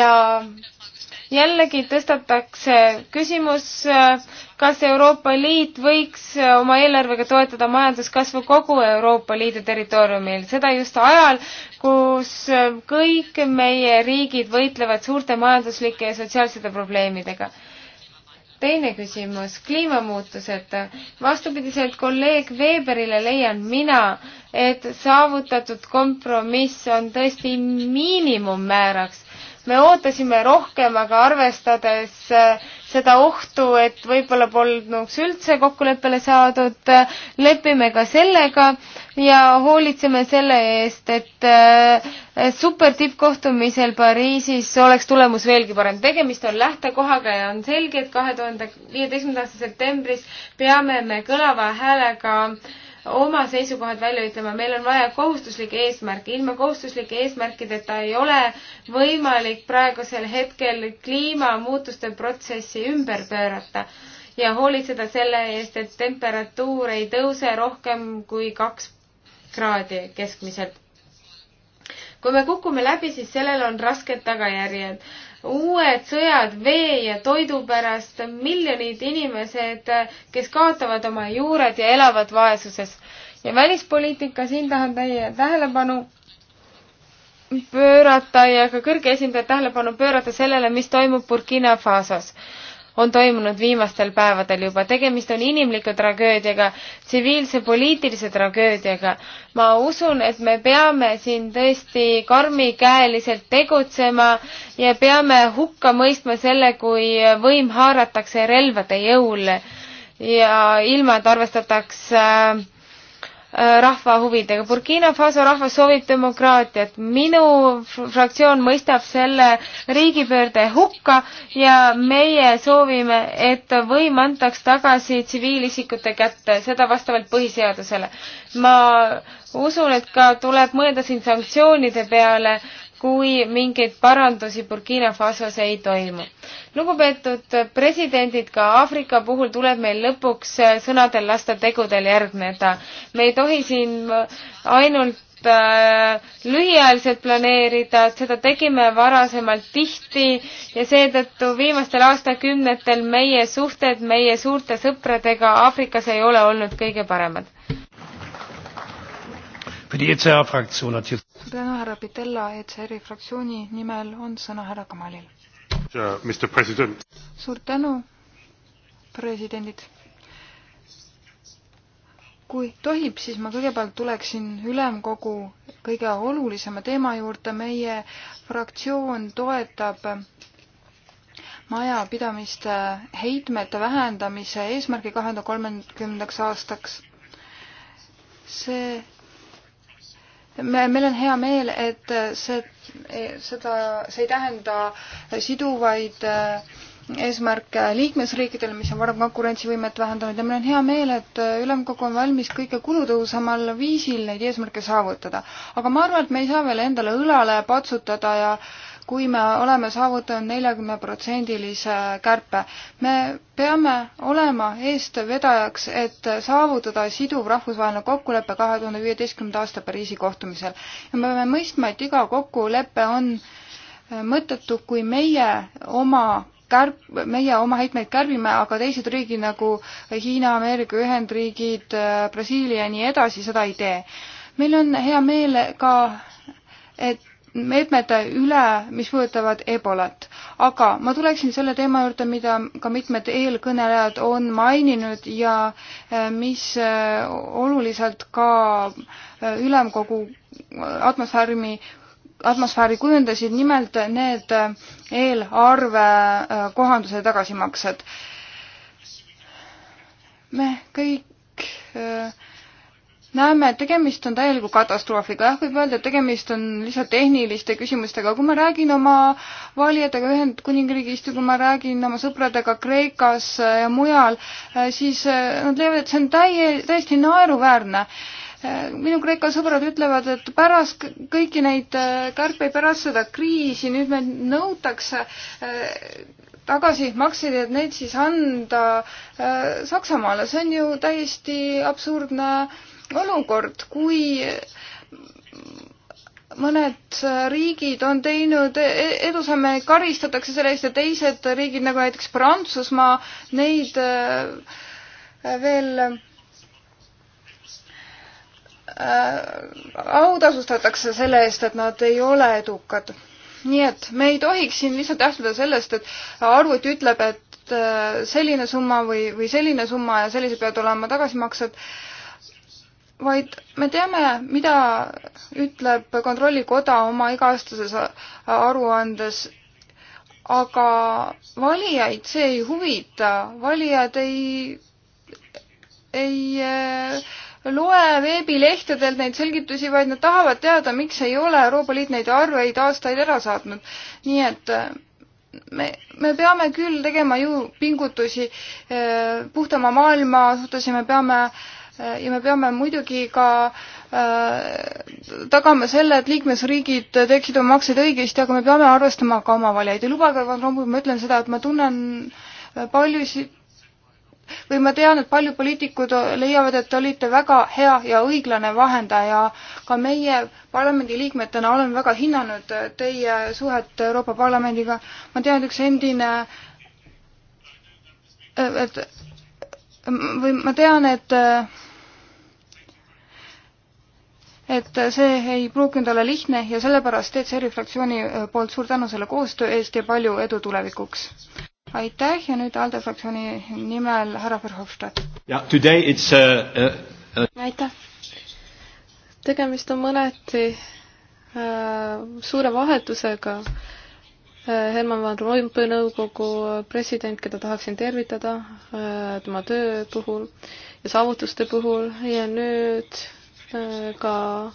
ja jällegi tõstatakse küsimus, kas Euroopa Liit võiks oma eelarvega toetada majanduskasvu kogu Euroopa Liidu territooriumil, seda just ajal, kus kõik meie riigid võitlevad suurte majanduslike ja sotsiaalsete probleemidega teine küsimus, kliimamuutused. vastupidiselt kolleeg Weberile leian mina, et saavutatud kompromiss on tõesti miinimummääraks me ootasime rohkem, aga arvestades äh, seda ohtu, et võib-olla polnuks üldse kokkuleppele saadud, lepime ka sellega ja hoolitseme selle eest, et äh, supertippkohtumisel Pariisis oleks tulemus veelgi parem. tegemist on lähtekohaga ja on selge, et kahe tuhande viieteistkümnenda aasta septembris peame me kõlava häälega äh, oma seisukohad välja ütlema, meil on vaja kohustuslikke eesmärke, ilma kohustuslike eesmärkideta ei ole võimalik praegusel hetkel kliimamuutuste protsessi ümber pöörata ja hoolitseda selle eest, et temperatuur ei tõuse rohkem kui kaks kraadi keskmiselt. kui me kukume läbi, siis sellel on rasked tagajärjed uued sõjad vee ja toidu pärast, miljonid inimesed, kes kaotavad oma juured ja elavad vaesuses. ja välispoliitika, siin tahan teie tähelepanu pöörata ja ka kõrge esindaja tähelepanu pöörata sellele, mis toimub Burkina Fasos on toimunud viimastel päevadel juba. tegemist on inimliku tragöödiaga, tsiviilse poliitilise tragöödiaga. ma usun, et me peame siin tõesti karmikäeliselt tegutsema ja peame hukka mõistma selle, kui võim haaratakse relvade jõul ja ilma, et arvestataks äh, Äh, rahva huvidega. Burkina Faso rahvas soovib demokraatiat. minu fraktsioon mõistab selle riigipöörde hukka ja meie soovime, et võim antaks tagasi tsiviilisikute kätte, seda vastavalt põhiseadusele. ma usun, et ka tuleb mõelda siin sanktsioonide peale kui mingeid parandusi Burkina Fasos ei toimu. lugupeetud presidendid, ka Aafrika puhul tuleb meil lõpuks sõnadel lasta tegudel järgneda. me ei tohi siin ainult äh, lühiajaliselt planeerida, seda tegime varasemalt tihti ja seetõttu viimastel aastakümnetel meie suhted meie suurte sõpradega Aafrikas ei ole olnud kõige paremad suur e tänu, härra Pitella, ECR-i fraktsiooni nimel on sõna härra Kamalil. suur tänu, presidendid. kui tohib, siis ma kõigepealt tuleksin ülemkogu kõige olulisema teema juurde. meie fraktsioon toetab majapidamiste heitmete vähendamise eesmärgi kahe tuhande kolmekümnendaks aastaks. see me, meil on hea meel, et see, seda, see ei tähenda siduvaid äh, eesmärke liikmesriikidele, mis on varem konkurentsivõimet vähendanud ja meil on hea meel, et ülemkogu on valmis kõige kulutõhusamal viisil neid eesmärke saavutada. aga ma arvan, et me ei saa veel endale õlale patsutada ja äh, kui me oleme saavutanud neljakümneprotsendilise kärpe. me peame olema eestvedajaks, et saavutada siduv rahvusvaheline kokkulepe kahe tuhande viieteistkümnenda aasta Pariisi kohtumisel. ja me peame mõistma, et iga kokkulepe on mõttetu, kui meie oma kärb, meie oma heitmeid kärbime, aga teised riigid nagu Hiina, Ameerika Ühendriigid, Brasiilia ja nii edasi seda ei tee. meil on hea meel ka, et meetmete üle, mis puudutavad ebolat. aga ma tuleksin selle teema juurde, mida ka mitmed eelkõnelejad on maininud ja eh, mis eh, oluliselt ka eh, ülemkogu atmosfääri, atmosfääri kujundasid, nimelt need eelarve kohanduse tagasimaksed. me kõik äh, näeme, et tegemist on täieliku katastroofiga, jah, võib öelda, et tegemist on lihtsalt tehniliste küsimustega, kui ma räägin oma valijatega Ühendkuningriigist ja kui ma räägin oma sõpradega Kreekas ja mujal, eh, siis eh, nad leiavad, et see on täie, täiesti naeruväärne eh, minu Kreeka sõbrad ütlevad, et pärast kõiki neid kärpeid, pärast seda kriisi nüüd meil nõutakse tagasimakseid, et need siis anda Saksamaale, see on ju täiesti absurdne äh, olukord, kui mõned riigid on teinud e-, edusamme, karistatakse selle eest ja teised riigid nagu näiteks Prantsusmaa, neid äh, veel äh, autasustatakse selle eest, et nad ei ole edukad. nii et me ei tohiks siin lihtsalt lähtuda sellest, et arvuti ütleb, et äh, selline summa või, või selline summa ja sellised peavad olema tagasimaksed vaid me teame, mida ütleb Kontrollikoda oma iga-aastases aruandes, aga valijaid see ei huvita, valijad ei, ei eh, loe veebilehtedelt neid selgitusi, vaid nad tahavad teada, miks ei ole Euroopa Liit neid arveid aastaid ära saatnud. nii et eh, me, me peame küll tegema ju pingutusi eh, puhtama maailma suhtes ja me peame äh, Äh, ja me peame muidugi ka äh, tagama selle, et liikmesriigid teeksid oma makseid õigesti, aga me peame arvestama ka oma valijaid ja lubage, ma ütlen seda, et ma tunnen äh, paljusid või ma tean, et paljud poliitikud leiavad, et te olite väga hea ja õiglane vahendaja. ka meie parlamendiliikmetena oleme väga hinnanud teie suhet Euroopa Parlamendiga. ma tean, et üks endine, et või ma tean, et et see ei pruukinud olla lihtne ja sellepärast ECR-i fraktsiooni äh, poolt suur tänu selle koostöö eest ja palju edu tulevikuks. aitäh ja nüüd ALDE fraktsiooni nimel härra Verhofstadt. jah, today it's uh, uh,. Uh, aitäh. tegemist on mõneti uh, suure vahetusega uh,. Herman Van Rompuy nõukogu president, keda tahaksin tervitada uh, tema töö puhul ja saavutuste puhul ja nüüd Äh, ka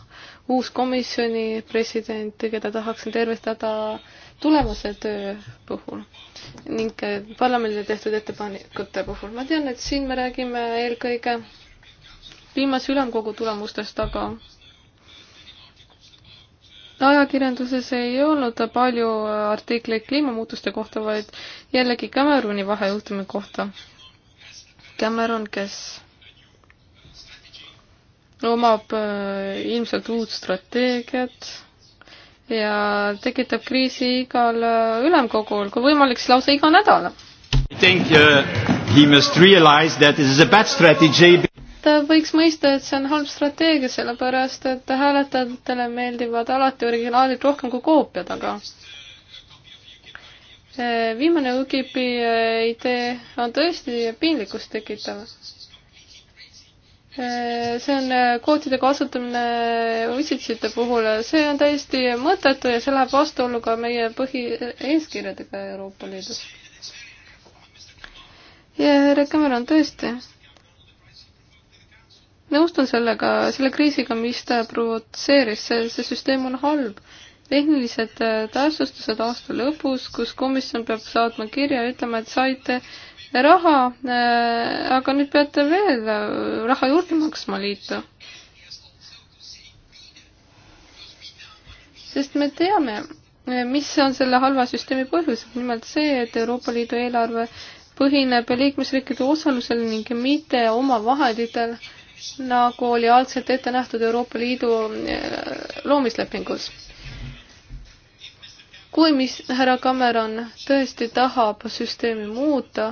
uus komisjoni president, keda tahaksin tervitada tulemuse töö puhul ning äh, parlamendile tehtud ettepanekute puhul. ma tean, et siin me räägime eelkõige viimase ülemkogu tulemustest, aga ajakirjanduses ei olnud palju artikleid kliimamuutuste kohta, vaid jällegi Cameroni vahejuhtumi kohta. Cameron, kes omab äh, ilmselt uut strateegiat ja tekitab kriisi igal äh, ülemkogul, kui võimalik, siis lausa iga nädal. Uh, ta võiks mõista, et see on halb strateegia, sellepärast et hääletajatele meeldivad alati originaalid rohkem kui koopiad, aga äh, viimane UKIP-i idee on tõesti piinlikkust tekitav Äh, see on äh, kvootide kasutamine ussitsite puhul, see on täiesti mõttetu ja see läheb vastuollu ka meie põhieeskirjadega Euroopa Liidus. ja härra Cameron, tõesti, nõustun sellega, selle kriisiga, mis ta provotseeris, see, see süsteem on halb. tehnilised äh, täpsustused aasta lõpus, kus komisjon peab saatma kirja ja ütlema, et saite raha, äh, aga nüüd peate veel äh, raha juurde maksma liitu. sest me teame, äh, mis on selle halva süsteemi põhjus, nimelt see, et Euroopa Liidu eelarve põhineb liikmesriikide osalusel ning mitte oma vahenditel, nagu oli algselt ette nähtud Euroopa Liidu loomislepingus kui mis härra Cameron tõesti tahab süsteemi muuta,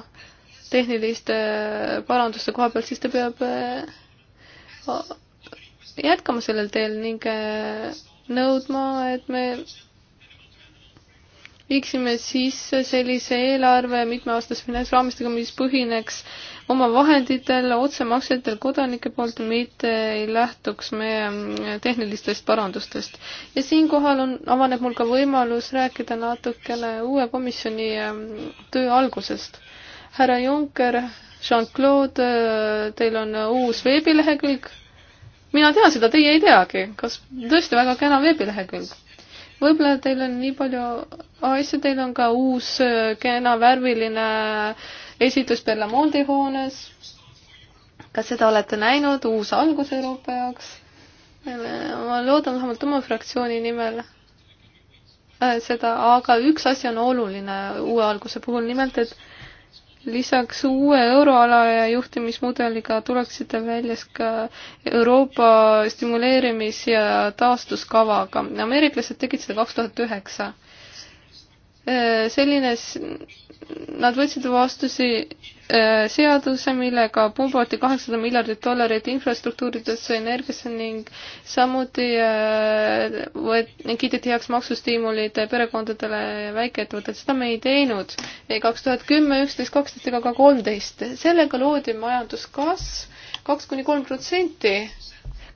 tehniliste paranduste koha pealt, siis ta peab äh, jätkama sellel teel ning äh, nõudma, et me viiksime sisse sellise eelarve mitmeaastase finantsraamistiga, mis põhineks oma vahenditel, otsemaksetel kodanike poolt, mitte ei lähtuks meie äh, tehnilistest parandustest. ja siinkohal on, avaneb mul ka võimalus rääkida natukene uue komisjoni töö algusest härra Juncker, Jean-Claude, teil on uus veebilehekülg. mina tean seda, teie ei teagi, kas tõesti väga kena veebilehekülg. võib-olla teil on nii palju asju, teil on ka uus kena värviline esitlus Berlamondi hoones. kas seda olete näinud, uus algus Euroopa jaoks? ma loodan vähemalt oma fraktsiooni nimel äh, seda, aga üks asi on oluline uue alguse puhul, nimelt et lisaks uue euroala ja juhtimismudeliga tuleksite välja ka Euroopa stimuleerimis- ja taastuskavaga. ameeriklased tegid seda kaks tuhat üheksa. Äh, selline, nad võtsid vastusi äh, seaduse, millega pumbati kaheksasada miljardit dollarit infrastruktuuridesse, energiasse ning samuti äh, võet-, kiideti heaks maksustiimulid perekondadele ja väikeettevõtted, seda me ei teinud. ei kaks tuhat kümme, üksteist, kaksteist ega ka kolmteist. sellega loodi majanduskasv kaks kuni kolm protsenti,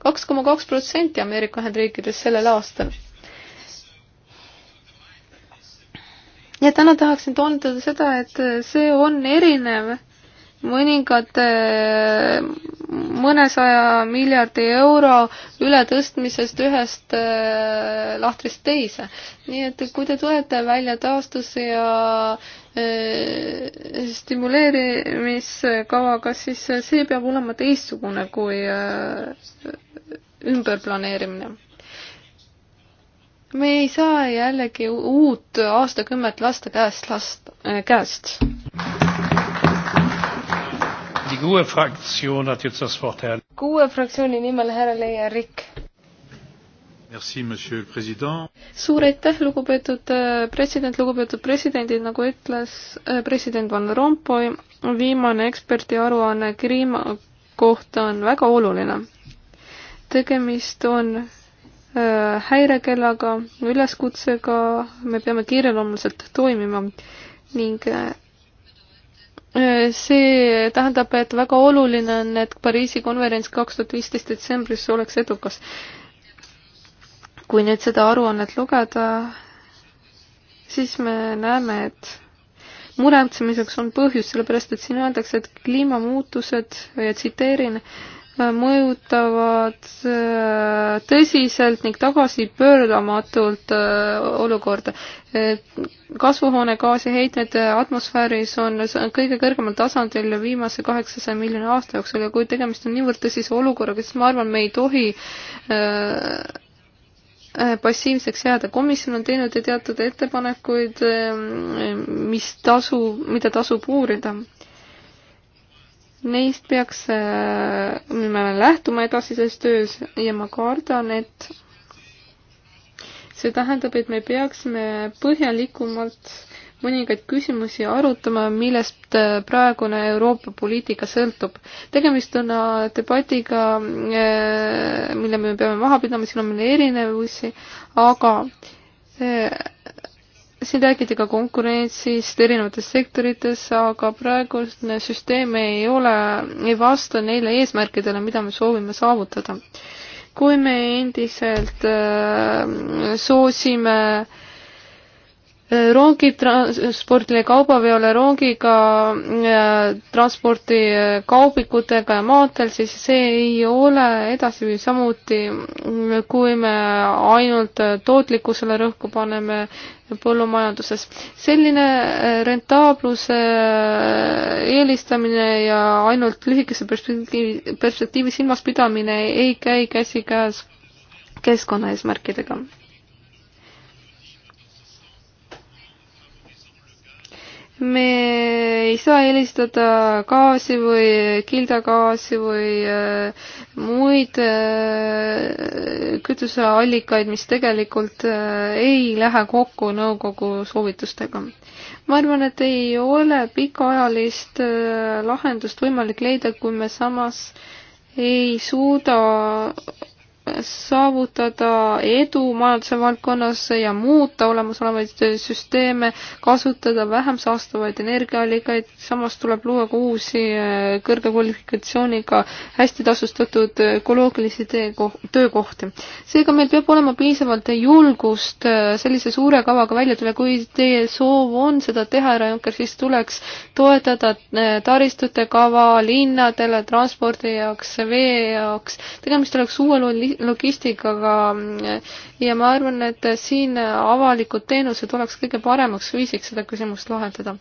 kaks koma kaks protsenti Ameerika Ühendriikides sellel aastal ja täna tahaksin toonitada seda, et see on erinev mõningate mõnesaja miljardi euro ületõstmisest ühest äh, lahtrist teise. nii et kui te tulete välja taastuse ja äh, stimuleerimiskavaga, siis see peab olema teistsugune kui äh, ümberplaneerimine me ei saa jällegi uut aastakümmet laste käest last äh,, käest. kuue e e fraktsiooni nimel härra Leia Rikk. suur aitäh, lugupeetud äh, president, lugupeetud presidendid, nagu ütles äh, president Van Rompuy, viimane eksperdi aruanne Krimma kohta on väga oluline. tegemist on Äh, häirekellaga, üleskutsega, me peame kiireloomuliselt toimima ning äh, äh, see tähendab, et väga oluline on, et Pariisi konverents kaks tuhat viisteist detsembris oleks edukas. kui nüüd seda aruannet lugeda, siis me näeme, et muretsemiseks on põhjust, sellepärast et siin öeldakse, et kliimamuutused ja tsiteerin, mõjutavad äh, tõsiselt ning tagasipöördamatult äh, olukorda. Äh, kasvuhoonegaasi heitmed atmosfääris on kõige kõrgemal tasandil viimase kaheksasaja miljoni aasta jooksul ja kui tegemist on niivõrd tõsise olukorraga, siis ma arvan, me ei tohi passiivseks jääda. komisjon on teinud teatud ettepanekuid, mis tasu, mida tasub uurida Neist peaks äh, me lähtuma edasises töös ja ma kardan, et see tähendab, et me peaksime põhjalikumalt mõningaid küsimusi arutama, millest äh, praegune Euroopa poliitika sõltub. tegemist on äh, debatiga, mille me peame maha pidama, siin on meil erinevusi, aga siin räägiti ka konkurentsist erinevates sektorites, aga praegune süsteem ei ole, ei vasta neile eesmärkidele, mida me soovime saavutada. kui me endiselt äh, soosime äh, Äh, rongid transpordile, kaubaveole rongiga, äh, transporti äh, kaubikutega ja maanteel, siis see ei ole edasiviiv, samuti kui me ainult tootlikkusele rõhku paneme põllumajanduses. selline rentaabluse eelistamine ja ainult lühikese perspektiivi, perspektiivi silmas pidamine ei käi käsikäes keskkonnaeesmärkidega me ei saa eelistada gaasi või kildagaasi või äh, muid äh, kütuseallikaid, mis tegelikult äh, ei lähe kokku nõukogu soovitustega. ma arvan, et ei ole pikaajalist lahendust võimalik leida, kui me samas ei suuda saavutada edu majanduse valdkonnas ja muuta olemasolevaid süsteeme, kasutada vähem saastavaid energiaallikaid, samas tuleb luua ka uusi eh, kõrge kvalifikatsiooniga hästi tasustatud eh, ökoloogilisi töökohti. seega meil peab olema piisavalt julgust eh, sellise suure kavaga välja tulla, kui teie soov on seda teha, härra Juncker, siis tuleks toetada taristute kava linnadele, transpordi jaoks, vee jaoks, tegemist oleks uue looli logistikaga ja ma arvan, et siin avalikud teenused oleks kõige paremaks viisiks seda küsimust lahendada.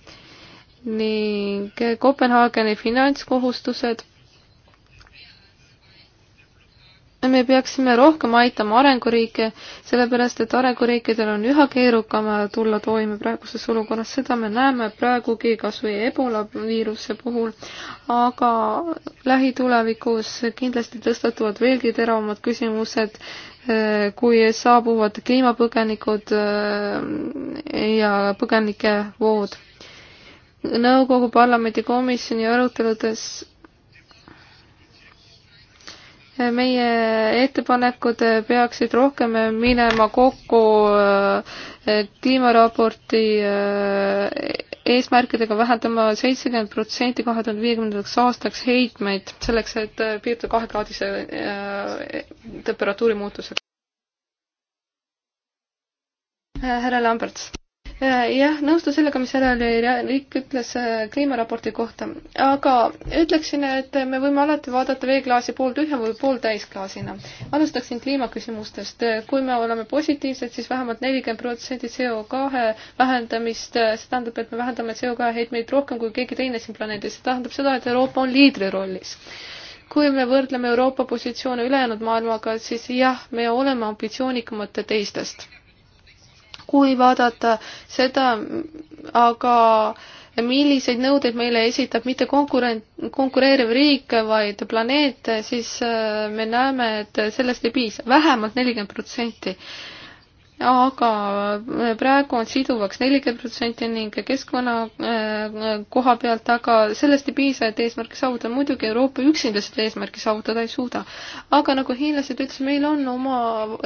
ning Kopenhaageni finantskohustused me peaksime rohkem aitama arenguriike, sellepärast et arenguriikidel on üha keerukam tulla toime praeguses olukorras, seda me näeme praegugi kas või Ebola viiruse puhul, aga lähitulevikus kindlasti tõstatuvad veelgi teravamad küsimused, eh, kui saabuvad kliimapõgenikud eh, ja põgenikevood. nõukogu parlamendi komisjoni aruteludes meie ettepanekud peaksid rohkem minema kokku äh, kliimaraporti äh, eesmärkidega vähendama seitsekümmend protsenti kahe tuhande viiekümnendaks aastaks heitmeid, selleks et äh, piirduda kahekraadise temperatuuri muutusega. härra Lamberts Äh, jah, nõustun sellega, mis härra Riik ütles äh, kliimaraporti kohta, aga ütleksin, et me võime alati vaadata veeklaasi pooltühja või pooltäisklaasina. alustaksin kliimaküsimustest. Äh, kui me oleme positiivsed, siis vähemalt nelikümmend protsenti CO2 vähendamist, see tähendab, et me vähendame CO2 heitmeid rohkem kui keegi teine siin planeedil, see tähendab seda, et Euroopa on liidri rollis kui me võrdleme Euroopa positsioone ülejäänud maailmaga, siis jah, me oleme ambitsioonikamad teistest kui vaadata seda, aga milliseid nõudeid meile esitab mitte konkurent, konkureeriv riik, vaid planeet, siis äh, me näeme, et sellest ei piisa vähemalt, vähemalt nelikümmend protsenti. aga äh, praegu on siduvaks nelikümmend protsenti ning keskkonna äh, koha pealt, aga sellest ei piisa, et eesmärki saavutada, muidugi Euroopa üksinda seda eesmärki saavutada ei suuda. aga nagu hiinlased ütlesid, meil on oma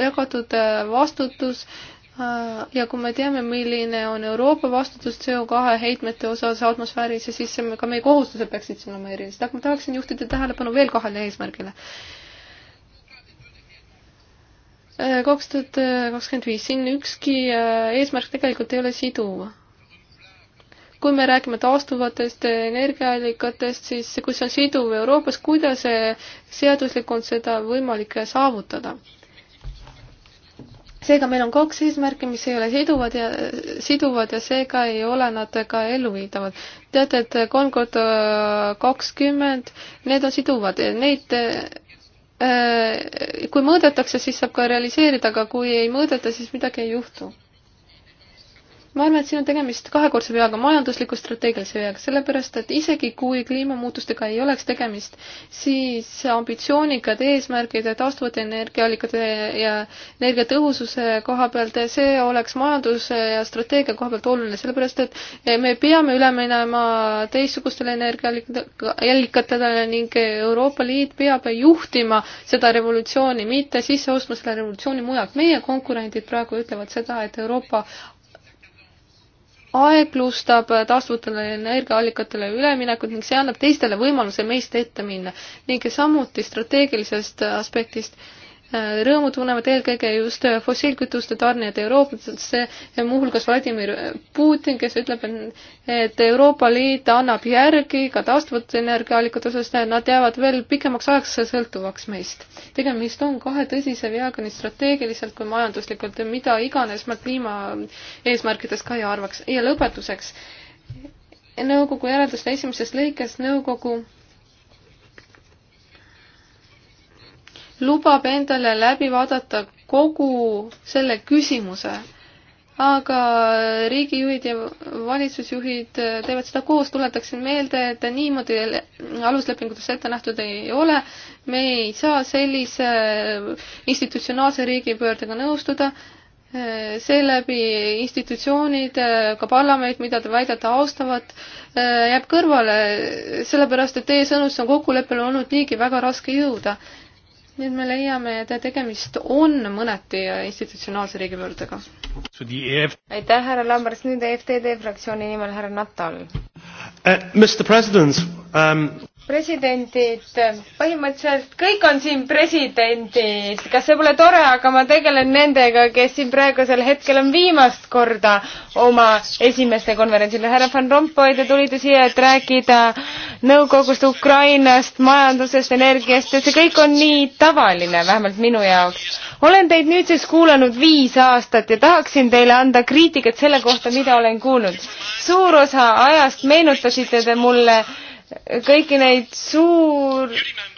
jagatud vastutus Äh, ja kui me teame, milline on Euroopa vastutus CO2 heitmete osas atmosfääris ja siis me, ka meie kohustused peaksid siin olema erilised, aga ma tahaksin juhtida tähelepanu veel kahele eesmärgile. Äh, kaks tuhat kakskümmend viis, siin ükski äh, eesmärk tegelikult ei ole siduv. kui me räägime taastuvatest energiaallikatest, siis kui see on siduv Euroopas, kuidas seaduslikult seda võimalik saavutada? seega meil on kaks eesmärki, mis ei ole siduvad ja, siduvad ja seega ei ole nad ka elluviidavad. teate, et kolm korda kakskümmend, need on siduvad, neid äh, kui mõõdetakse, siis saab ka realiseerida, aga kui ei mõõdeta, siis midagi ei juhtu ma arvan, et siin on tegemist kahekordse veaga, majandusliku strateegilise veaga, sellepärast et isegi kui kliimamuutustega ei oleks tegemist, siis ambitsioonikad eesmärgid taastuvate energiaallikate ja energiatõhususe koha pealt, see oleks majanduse ja strateegia koha pealt oluline, sellepärast et me peame üle minema teistsugustele energiaallikatele ning Euroopa Liit peab juhtima seda revolutsiooni, mitte sisse ostma selle revolutsiooni mujalt. meie konkurendid praegu ütlevad seda, et Euroopa aeglustab taastuvatele energiaallikatele üleminekut ning see annab teistele võimaluse meist ette minna ning samuti strateegilisest aspektist äh, rõõmu tunnevad eelkõige just fossiilkütuste tarnijad Euroopast, see muuhulgas Vladimir Putin, kes ütleb, et Euroopa Liit annab järgi ka taastuvate energiaallikate osas, nad jäävad veel pikemaks ajaks sõltuvaks meist. tegemist on kahe tõsise veaga nii strateegiliselt kui majanduslikult, mida iganes ma kliimaeesmärkidest ka ei arvaks. ja lõpetuseks, nõukogu järelduste esimeses lõikes nõukogu lubab endale läbi vaadata kogu selle küsimuse. aga riigijuhid ja valitsusjuhid teevad seda koos, tuletaksin meelde, et niimoodi aluslepingutes ette nähtud ei ole. me ei saa sellise institutsionaalse riigipöördega nõustuda seeläbi institutsioonid, ka parlament, mida te väidate austavat, jääb kõrvale, sellepärast et teie sõnus on kokkuleppele olnud niigi väga raske jõuda nüüd me leiame, et tegemist on mõneti institutsionaalse riigipöördega. E aitäh, härra Lambers, nüüd EFTD fraktsiooni nimel härra Natal uh,. Um presidendid, põhimõtteliselt kõik on siin presidendid, kas see pole tore, aga ma tegelen nendega, kes siin praegusel hetkel on viimast korda oma esimeste konverentsil. härra Van Rompuy, te tulite siia, et rääkida nõukogust, Ukrainast, majandusest, energiast ja see kõik on nii tavaline, vähemalt minu jaoks. olen teid nüüdseks kuulanud viis aastat ja tahaksin teile anda kriitikat selle kohta, mida olen kuulnud. suur osa ajast meenutasite te mulle kõiki neid suur,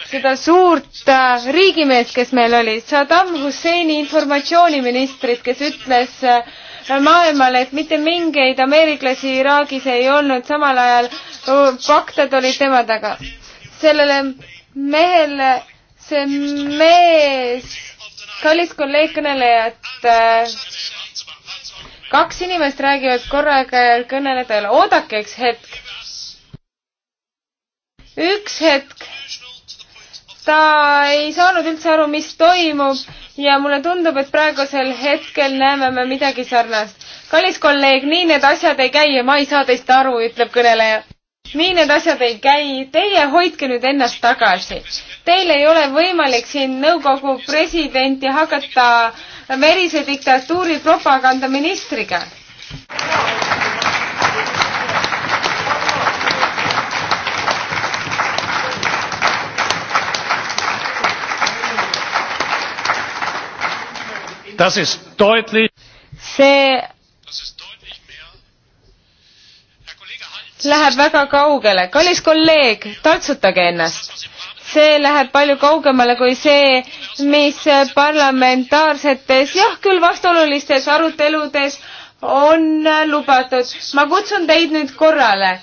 seda suurt äh, riigimeest, kes meil oli, Saddam Husseini informatsiooniministrit, kes ütles äh, maailmale, et mitte mingeid ameeriklasi Iraagis ei olnud, samal ajal äh, faktad olid tema taga. sellele mehele, see mees, kallis kolleeg kõnelejat äh,, kaks inimest räägivad korraga ja kõneleda ei ole, oodake üks hetk üks hetk ta ei saanud üldse aru, mis toimub ja mulle tundub, et praegusel hetkel näeme me midagi sarnast. kallis kolleeg, nii need asjad ei käi ja ma ei saa teist aru, ütleb kõneleja. nii need asjad ei käi, teie hoidke nüüd ennast tagasi. Teil ei ole võimalik siin nõukogu presidenti hakata verise diktatuuri propagandaministriga. Das ist deutlich. see läheb väga kaugele. kallis kolleeg, taltsutage ennast. see läheb palju kaugemale kui see, mis parlamentaarsetes, jah küll vastuolulistes aruteludes on lubatud. ma kutsun teid nüüd korrale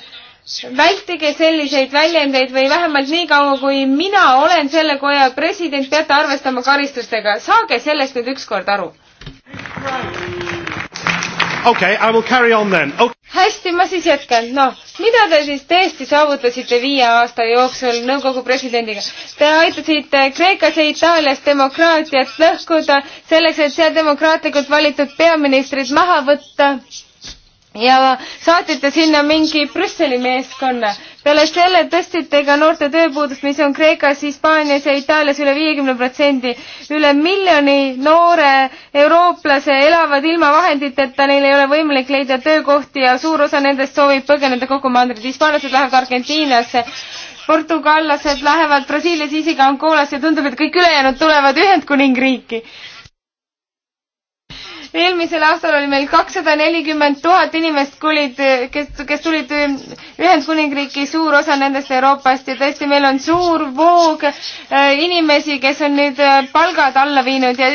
vältige selliseid väljendeid või vähemalt niikaua, kui mina olen selle koja president, peate arvestama karistustega. saage sellest nüüd ükskord aru. Okay, I will carry on then okay.. hästi, ma siis jätkan. noh, mida te siis tõesti saavutasite viie aasta jooksul nõukogu presidendiga? Te aitasite Kreekas ja Itaalias demokraatiat lõhkuda selleks, et seal demokraatlikult valitud peaministrid maha võtta ja saatsite sinna mingi Brüsseli meeskonna. peale selle tõstsite ka noorte tööpuudust, mis on Kreekas, Hispaanias ja Itaalias üle viiekümne protsendi. üle miljoni noore eurooplase elavad ilma vahenditeta, neil ei ole võimalik leida töökohti ja suur osa nendest soovib põgeneda kogu mandrit. hispaanlased lähevad Argentiinasse, portugallased lähevad Brasiilias, isegi Angolasse, tundub, et kõik ülejäänud tulevad Ühendkuningriiki eelmisel aastal oli meil kakssada nelikümmend tuhat inimest, kulid, kes, kes tulid Ühendkuningriiki, suur osa nendest Euroopast ja tõesti, meil on suur voog äh, inimesi, kes on nüüd äh, palgad alla viinud ja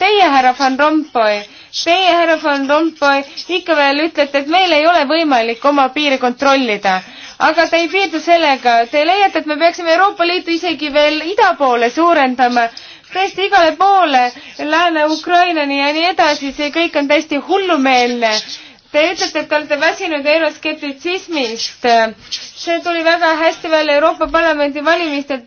teie, härra Van Rompuy, teie, härra Van Rompuy, ikka veel ütlete, et meil ei ole võimalik oma piiri kontrollida aga te ei piirdu sellega, te leiate, et me peaksime Euroopa Liitu isegi veel ida poole suurendama tõesti igale poole, Lääne-Ukrainani ja nii edasi, see kõik on täiesti hullumeelne. Te ütlete, et te olete väsinud euroskeptitsismist. see tuli väga hästi välja Euroopa Parlamendi valimistelt.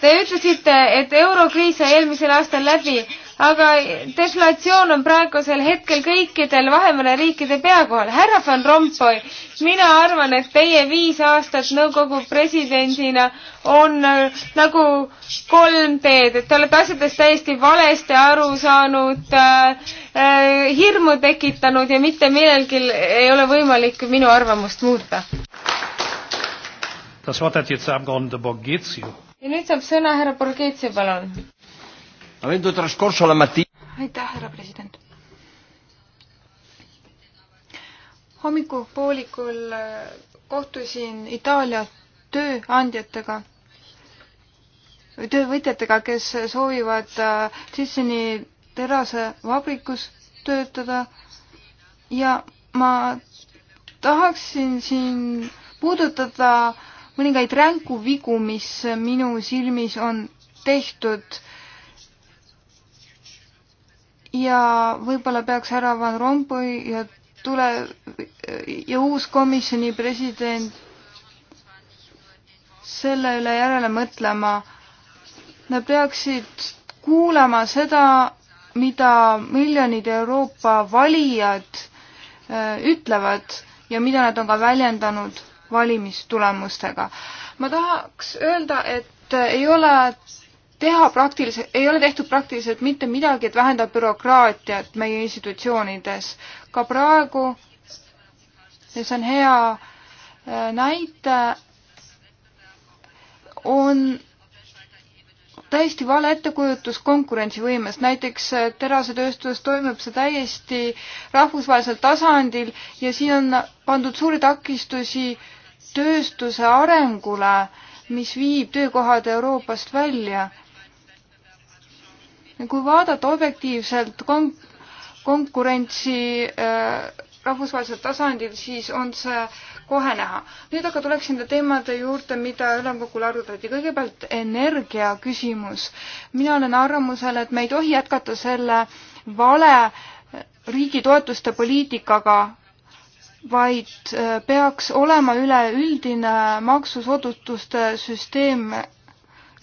Te ütlesite, et eurokriis sai eelmisel aastal läbi, aga desolatsioon on praegusel hetkel kõikidel Vahemere riikide pea kohal. härra Van Rompuy, mina arvan, et teie viis aastat nõukogu presidendina on äh, nagu kolm teed, et te olete asjadest täiesti valesti aru saanud äh,, äh, hirmu tekitanud ja mitte millelgi ei ole võimalik minu arvamust muuta. ja nüüd saab sõna härra Borghezio, palun aitäh, härra president. hommikupoolikul äh, kohtusin Itaalia tööandjatega, töövõtjatega, kes soovivad Sissini äh, terasevabrikus töötada ja ma tahaksin siin puudutada mõningaid ränku vigu, mis minu silmis on tehtud ja võib-olla peaks härra Van Rompuy ja tule- ja uus komisjoni president selle üle järele mõtlema. Nad peaksid kuulama seda, mida miljonid Euroopa valijad äh, ütlevad ja mida nad on ka väljendanud valimistulemustega. ma tahaks öelda, et ei ole teha praktiliselt, ei ole tehtud praktiliselt mitte midagi, et vähendada bürokraatiat meie institutsioonides. ka praegu, see on hea äh, näite, on täiesti vale ettekujutus konkurentsivõimest. näiteks äh, terasetööstuses toimub see täiesti rahvusvahelisel tasandil ja siin on pandud suuri takistusi tööstuse arengule, mis viib töökohad Euroopast välja kui vaadata objektiivselt kon-, konkurentsi äh, rahvusvahelisel tasandil, siis on see kohe näha. nüüd aga tuleks nende teemade juurde, mida ülemkogul arutati. kõigepealt energia küsimus. mina olen arvamusel, et me ei tohi jätkata selle vale äh, riigi toetuste poliitikaga, vaid äh, peaks olema üleüldine maksusoodustuste süsteem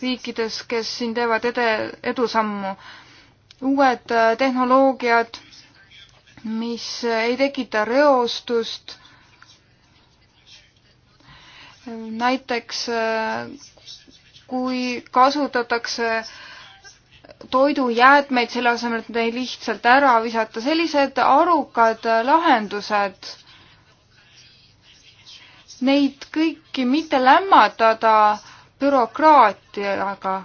riikides, kes siin teevad ede, edusammu. uued äh, tehnoloogiad, mis ei tekita reostust, näiteks äh, kui kasutatakse toidujäätmeid selle asemel, et neid lihtsalt ära visata, sellised arukad äh, lahendused, neid kõiki mitte lämmatada bürokraatiaga.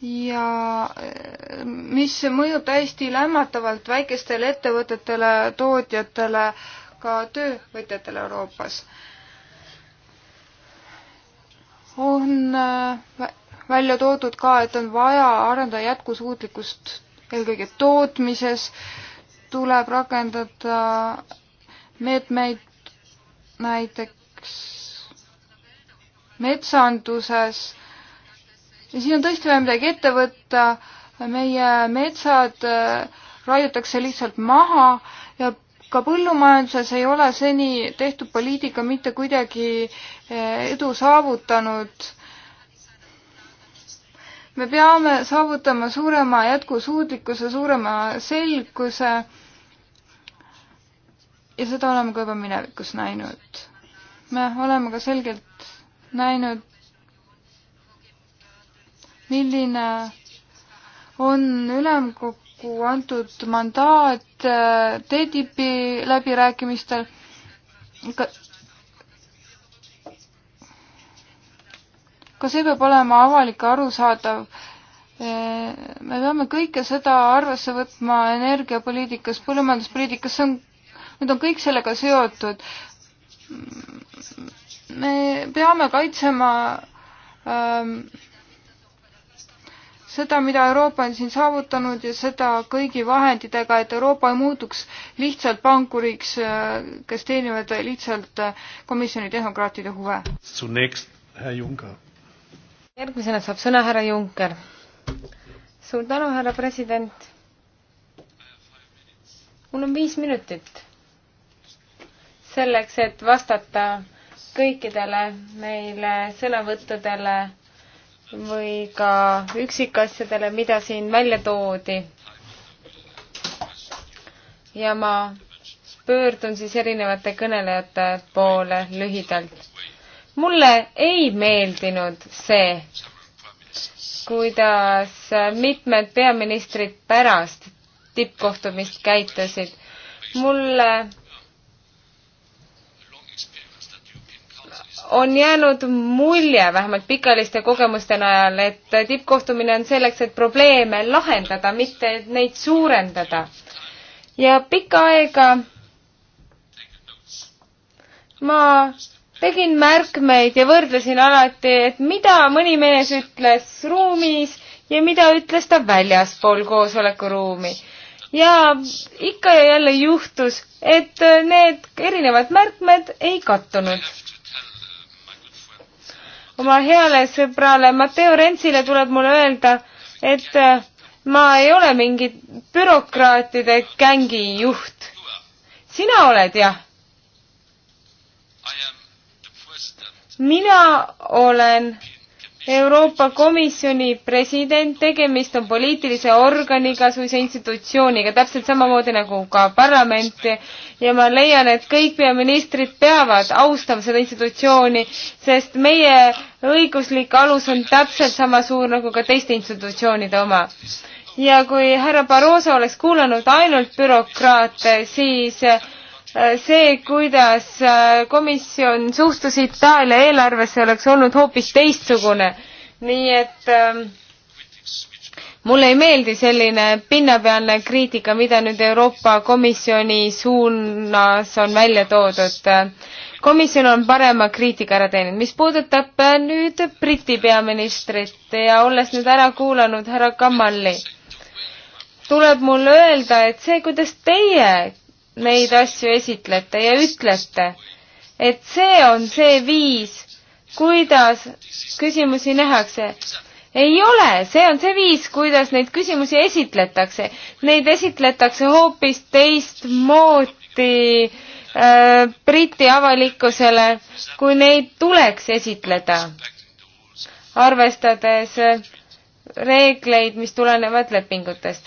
ja eh, mis mõjub täiesti lämmatavalt väikestele ettevõtetele, tootjatele, ka töövõtjatele Euroopas. on eh, välja toodud ka, et on vaja arendada jätkusuutlikkust eelkõige tootmises, tuleb rakendada meetmeid näiteks näiteks metsanduses ja siin on tõesti vaja midagi ette võtta, meie metsad äh, raiutakse lihtsalt maha ja ka põllumajanduses ei ole seni tehtud poliitika mitte kuidagi äh, edu saavutanud me peame saavutama suurema jätkusuutlikkuse, suurema selguse. ja seda oleme ka juba minevikus näinud me oleme ka selgelt näinud, milline on ülemkokku antud mandaat äh, TTIP-i läbirääkimistel. ka, ka see peab olema avalik ja arusaadav. Äh, me peame kõike seda arvesse võtma energiapoliitikas, põllumajanduspoliitikas, see on, need on kõik sellega seotud me peame kaitsema ähm, seda, mida Euroopa on siin saavutanud ja seda kõigi vahenditega, et Euroopa ei muutuks lihtsalt pankuriks, äh, kes teenivad lihtsalt äh, komisjoni tehnokraatide huve. järgmisena saab sõna härra Juncker. suur tänu, härra president. mul on viis minutit selleks, et vastata kõikidele neile sõnavõttudele või ka üksikasjadele, mida siin välja toodi. ja ma pöördun siis erinevate kõnelejate poole lühidalt. mulle ei meeldinud see, kuidas mitmed peaministrid pärast tippkohtumist käitusid. mulle on jäänud mulje, vähemalt pikaliste kogemuste najal, et tippkohtumine on selleks, et probleeme lahendada, mitte et neid suurendada. ja pikka aega ma tegin märkmeid ja võrdlesin alati, et mida mõni mees ütles ruumis ja mida ütles ta väljaspool koosolekuruumi. ja ikka ja jälle juhtus, et need erinevad märkmed ei kattunud oma heale sõbrale Matteo Rentsile tuleb mulle öelda, et eh, ma ei ole mingi bürokraatide gängi juht. sina oled jah? mina olen Euroopa Komisjoni president, tegemist on poliitilise organiga, suisa institutsiooniga, täpselt samamoodi nagu ka parlament ja ma leian, et kõik peaministrid peavad austama seda institutsiooni, sest meie õiguslik alus on täpselt sama suur nagu ka teiste institutsioonide oma. ja kui härra Barroso oleks kuulanud ainult bürokraate, siis Äh, see, kuidas äh, komisjon suhtus Itaalia eelarvesse, oleks olnud hoopis teistsugune. nii et äh, mulle ei meeldi selline pinnapealne kriitika, mida nüüd Euroopa Komisjoni suunas on välja toodud. komisjon on parema kriitika ära teinud. mis puudutab äh, nüüd Briti peaministrit ja olles nüüd ära kuulanud härra Kamali, tuleb mul öelda, et see, kuidas teie neid asju esitlete ja ütlete, et see on see viis, kuidas küsimusi nähakse. ei ole, see on see viis, kuidas neid küsimusi esitletakse. Neid esitletakse hoopis teistmoodi äh, Briti avalikkusele, kui neid tuleks esitleda, arvestades äh, reegleid, mis tulenevad lepingutest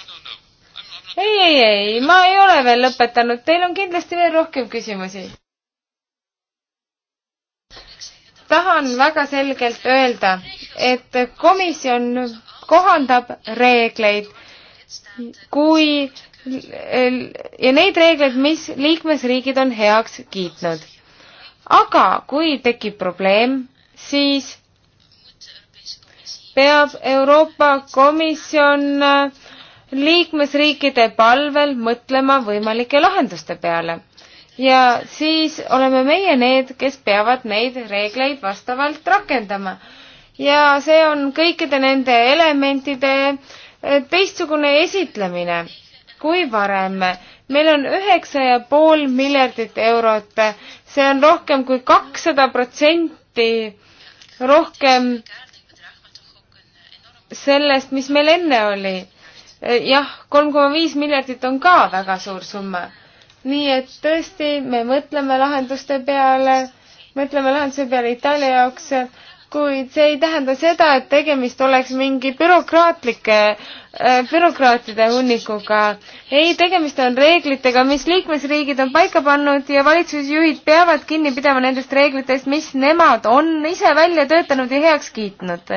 ei, ei, ei, ma ei ole veel lõpetanud, teil on kindlasti veel rohkem küsimusi. tahan väga selgelt öelda, et komisjon kohandab reegleid, kui ja neid reegleid, mis liikmesriigid on heaks kiitnud. aga kui tekib probleem, siis peab Euroopa Komisjon äh, liikmesriikide palvel mõtlema võimalike lahenduste peale. ja siis oleme meie need, kes peavad neid reegleid vastavalt rakendama. ja see on kõikide nende elementide eh, teistsugune esitlemine kui varem. meil on üheksa ja pool miljardit eurot, see on rohkem kui kakssada protsenti rohkem sellest, mis meil enne oli Eh, jah, kolm koma viis miljardit on ka väga suur summa. nii et tõesti, me mõtleme lahenduste peale, mõtleme lahenduse peale Itaalia jaoks, kuid see ei tähenda seda, et tegemist oleks mingi bürokraatlike Äh, bürokraatide hunnikuga. ei, tegemist on reeglitega, mis liikmesriigid on paika pannud ja valitsusjuhid peavad kinni pidama nendest reeglitest, mis nemad on ise välja töötanud ja heaks kiitnud.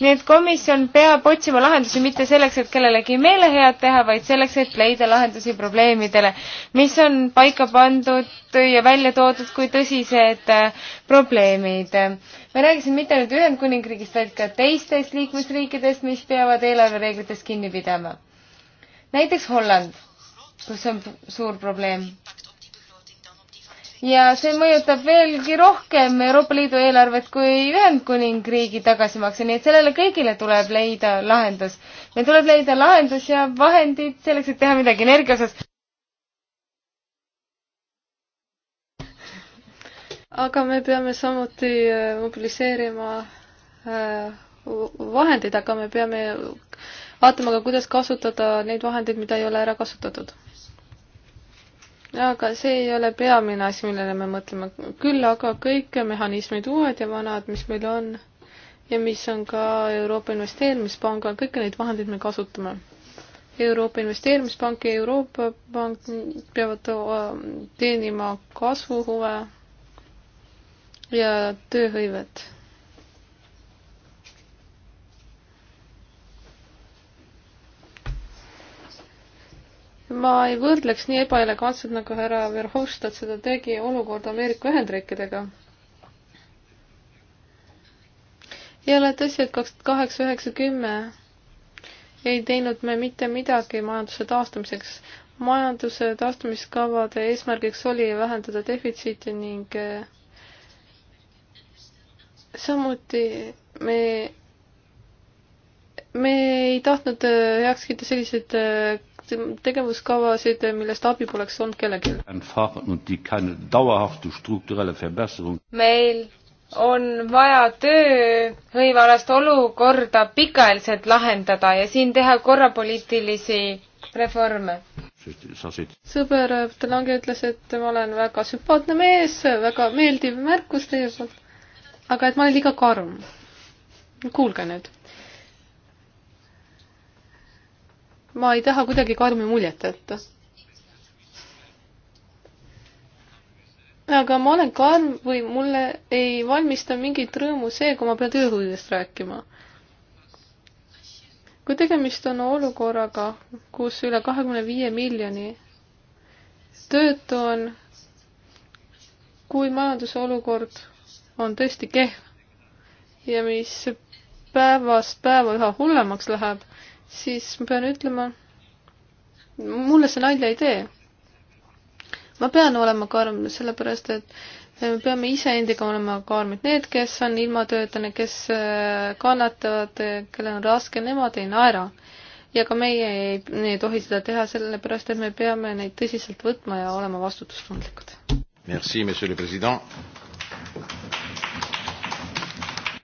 nii et komisjon peab otsima lahendusi mitte selleks, et kellelegi meelehead teha, vaid selleks, et leida lahendusi probleemidele, mis on paika pandud ja välja toodud kui tõsised äh, probleemid me rääkisime mitte ainult Ühendkuningriigist, vaid ka teistest liikmesriikidest, mis peavad eelarvereeglitest kinni pidama. näiteks Holland, kus on suur probleem. ja see mõjutab veelgi rohkem Euroopa Liidu eelarvet kui Ühendkuningriigi tagasimakse, nii et sellele kõigile tuleb leida lahendus. meil tuleb leida lahendus ja vahendid selleks, et teha midagi energia osas. aga me peame samuti äh, mobiliseerima äh, vahendid, aga me peame vaatama ka, kuidas kasutada neid vahendeid, mida ei ole ära kasutatud. aga see ei ole peamine asi, millele me mõtleme, küll aga kõik mehhanismid, uued ja vanad, mis meil on ja mis on ka Euroopa Investeerimispangal, kõiki neid vahendeid me kasutame. Euroopa Investeerimispank ja Euroopa Pank peavad äh, teenima kasvuhuve ja tööhõivet ma ei võrdleks nii ebaelegantselt, nagu härra Verhofstadt seda tegi, olukorda Ameerika Ühendriikidega. ei ole tõsi, et kaks tuhat kaheksa, üheksa, kümme ei teinud me mitte midagi majanduse taastamiseks. majanduse taastamiskavade eesmärgiks oli vähendada defitsiiti ning eh, samuti me me ei tahtnud eh, heaks kiita selliseid eh, tegevuskavasid, millest abi poleks olnud kellelgi. meil on vaja tööhõivealast olukorda pikaajaliselt lahendada ja siin teha korrapoliitilisi reforme. sõber Telangi ütles, et ma olen väga sümpaatne mees, väga meeldiv märkus teie poolt, aga et ma olen liiga karm. kuulge nüüd ma ei taha kuidagi karmi muljet jätta. aga ma olen karm või mulle ei valmista mingit rõõmu see, kui ma pean tööhõivest rääkima. kui tegemist on olukorraga, kus üle kahekümne viie miljoni töötu on, kui majanduse olukord on tõesti kehv ja mis päevast päeva üha hullemaks läheb, siis ma pean ütlema, mulle see nalja ei tee. ma pean olema karm, sellepärast et me peame iseendiga olema karmid. Need, kes on ilma tööta, need, kes äh, kannatavad, kellel on raske, nemad ei naera. ja ka meie ei, ei tohi seda teha, sellepärast et me peame neid tõsiselt võtma ja olema vastutustundlikud. Merci, monsieur le president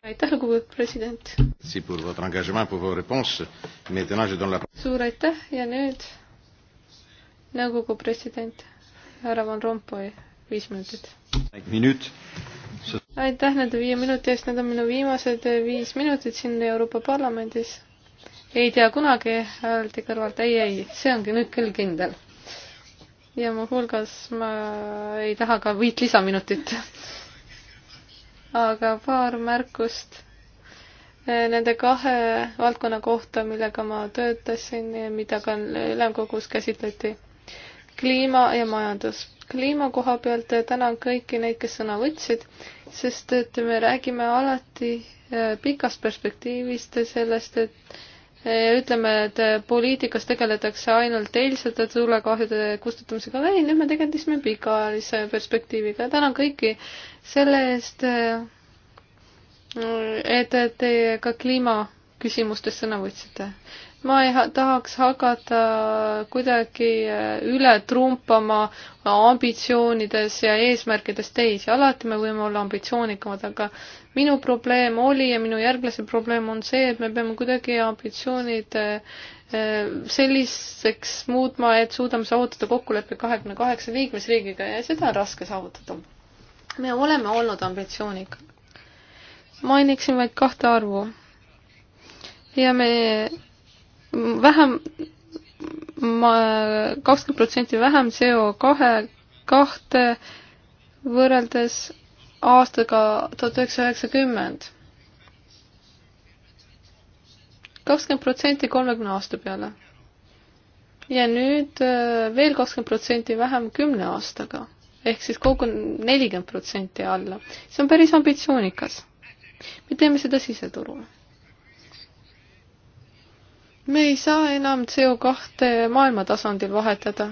aitäh, lugupeetud president. suur aitäh ja nüüd nõukogu president härra Van Rompuy, viis minutit. minut. aitäh nende viie minuti eest, need on minu viimased viis minutit siin Euroopa Parlamendis. ei tea kunagi, öeldi kõrvalt, ei, ei, see ongi nüüd küll kindel. ja mu hulgas ma ei taha ka viit lisaminutit aga paar märkust eh, nende kahe valdkonna kohta, millega ma töötasin ja mida ka ülemkogus käsitleti. kliima ja majandus. kliima koha pealt eh, tänan kõiki neid, kes sõna võtsid, sest et me räägime alati eh, pikast perspektiivist ja sellest, et Eh, ütleme, et eh, poliitikas tegeletakse ainult eilsete tulekahjude kustutamisega, ei, nüüd me tegelesime pikaajalise perspektiiviga ja tänan kõiki selle eest, eh, et te ka kliimaküsimustes sõna võtsite ma ei tahaks hakata kuidagi äh, üle trumpama ambitsioonides ja eesmärkides teisi, alati me võime olla ambitsioonikamad, aga minu probleem oli ja minu järglase probleem on see, et me peame kuidagi ambitsioonid äh, äh, selliseks muutma, et suudame saavutada kokkuleppe kahekümne kaheksa liikmesriigiga ja seda on raske saavutada. me oleme olnud ambitsioonikad. mainiksin vaid kahte arvu ja me vähem, kakskümmend protsenti vähem CO kahe, kahte võrreldes aastaga tuhat üheksasada üheksakümmend. kakskümmend protsenti kolmekümne aasta peale. ja nüüd äh, veel kakskümmend protsenti vähem kümne aastaga ehk siis kogu nelikümmend protsenti alla. see on päris ambitsioonikas. me teeme seda siseturul me ei saa enam CO kahte maailma tasandil vahetada.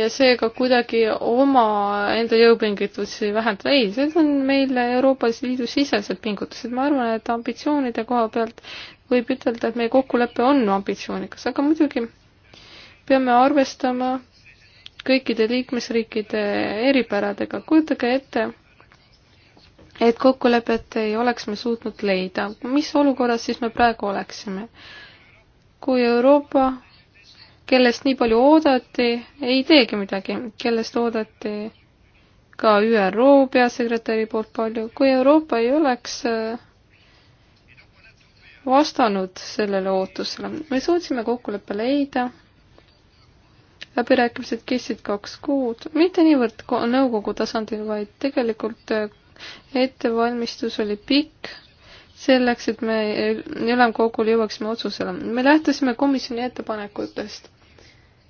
ja seega kuidagi omaenda jõupingutusi vähendada, ei, need on meil Euroopa Liidu sisesed pingutused, ma arvan, et ambitsioonide koha pealt võib ütelda, et meie kokkulepe on ambitsioonikas, aga muidugi peame arvestama kõikide liikmesriikide eripäradega, kujutage ette et kokkulepet ei oleks me suutnud leida. mis olukorras siis me praegu oleksime? kui Euroopa, kellest nii palju oodati, ei teegi midagi, kellest oodati ka ÜRO peasekretäri poolt palju, kui Euroopa ei oleks äh, vastanud sellele ootusele. me suutsime kokkuleppe leida, läbirääkimised kestsid kaks kuud, mitte niivõrd nõukogu tasandil, vaid tegelikult äh, ettevalmistus oli pikk, selleks, et me ülemkogul jõuaksime otsusele. me lähtusime komisjoni ettepanekutest.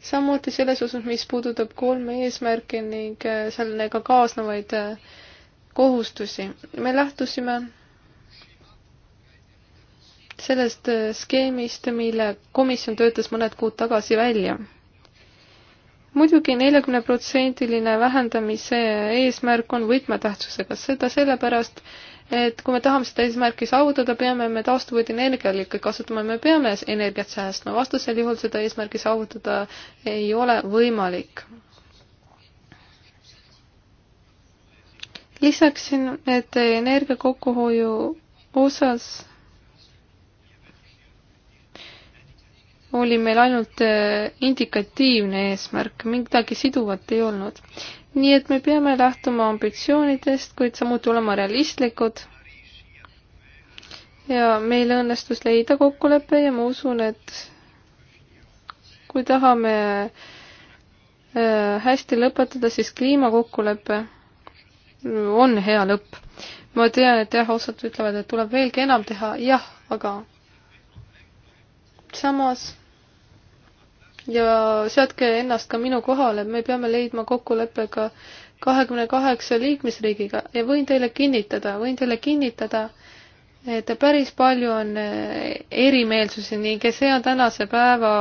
samuti selles osas, mis puudutab kolme eesmärki ning äh, sellega kaasnevaid äh, kohustusi. me lähtusime sellest äh, skeemist, mille komisjon töötas mõned kuud tagasi välja muidugi neljakümneprotsendiline vähendamise eesmärk on võtmetähtsusega, seda sellepärast, et kui me tahame seda eesmärki saavutada, peame me taastuvaid energiaallikaid kasutama, me peame energiat säästma, vastasel juhul seda eesmärki saavutada ei ole võimalik. lisaksin, et energia kokkuhoiu osas oli meil ainult äh, indikatiivne eesmärk, midagi siduvat ei olnud. nii et me peame lähtuma ambitsioonidest, kuid samuti olema realistlikud. ja meil õnnestus leida kokkulepe ja ma usun, et kui tahame äh, hästi lõpetada, siis kliimakokkulepe on hea lõpp. ma tean, et jah, osad ütlevad, et tuleb veelgi enam teha, jah, aga samas ja seadke ennast ka minu kohale, me peame leidma kokkuleppe ka kahekümne kaheksa liikmesriigiga ja võin teile kinnitada, võin teile kinnitada, et päris palju on erimeelsusi ning see on tänase päeva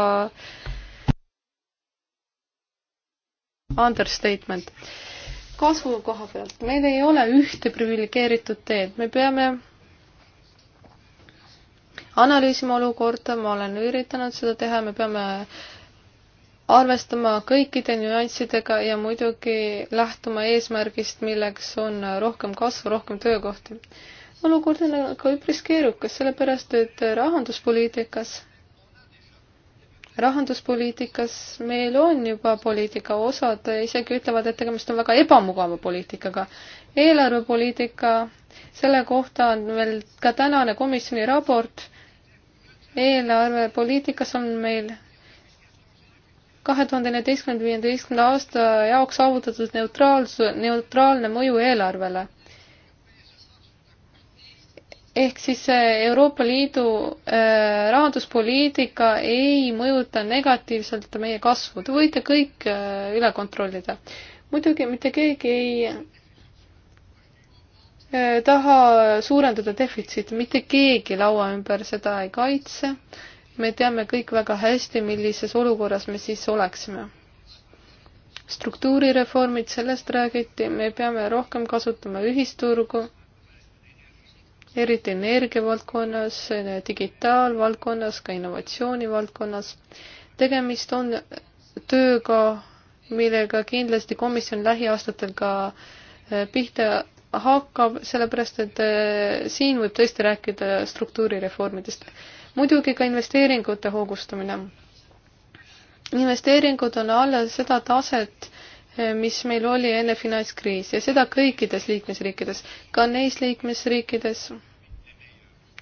understatement. kasvu koha pealt, meil ei ole ühte priviligeeritud teed, me peame analüüsima olukorda, ma olen üritanud seda teha, me peame arvestama kõikide nüanssidega ja muidugi lähtuma eesmärgist, milleks on rohkem kasvu, rohkem töökohti. olukord on aga üpris keerukas, sellepärast et rahanduspoliitikas, rahanduspoliitikas meil on juba poliitika, osad isegi ütlevad, et tegemist on väga ebamugava poliitikaga. eelarvepoliitika, selle kohta on veel ka tänane komisjoni raport eelarvepoliitikas on meil kahe tuhande neljateistkümnenda, viieteistkümnenda aasta jaoks saavutatud neutraalsu, neutraalne mõju eelarvele. ehk siis Euroopa Liidu äh, rahanduspoliitika ei mõjuta negatiivselt meie kasvu, te võite kõik äh, üle kontrollida. muidugi mitte keegi ei Äh, taha suurendada defitsiiti, mitte keegi laua ümber seda ei kaitse. me teame kõik väga hästi, millises olukorras me siis oleksime. struktuurireformid, sellest räägiti, me peame rohkem kasutama ühisturgu, eriti energiavaldkonnas, digitaalvaldkonnas, ka innovatsioonivaldkonnas. tegemist on tööga, millega kindlasti komisjon lähiaastatel ka äh, pihta hakkab, sellepärast et äh, siin võib tõesti rääkida struktuurireformidest. muidugi ka investeeringute hoogustamine. investeeringud on alla seda taset, äh, mis meil oli enne finantskriisi ja seda kõikides liikmesriikides, ka neis liikmesriikides,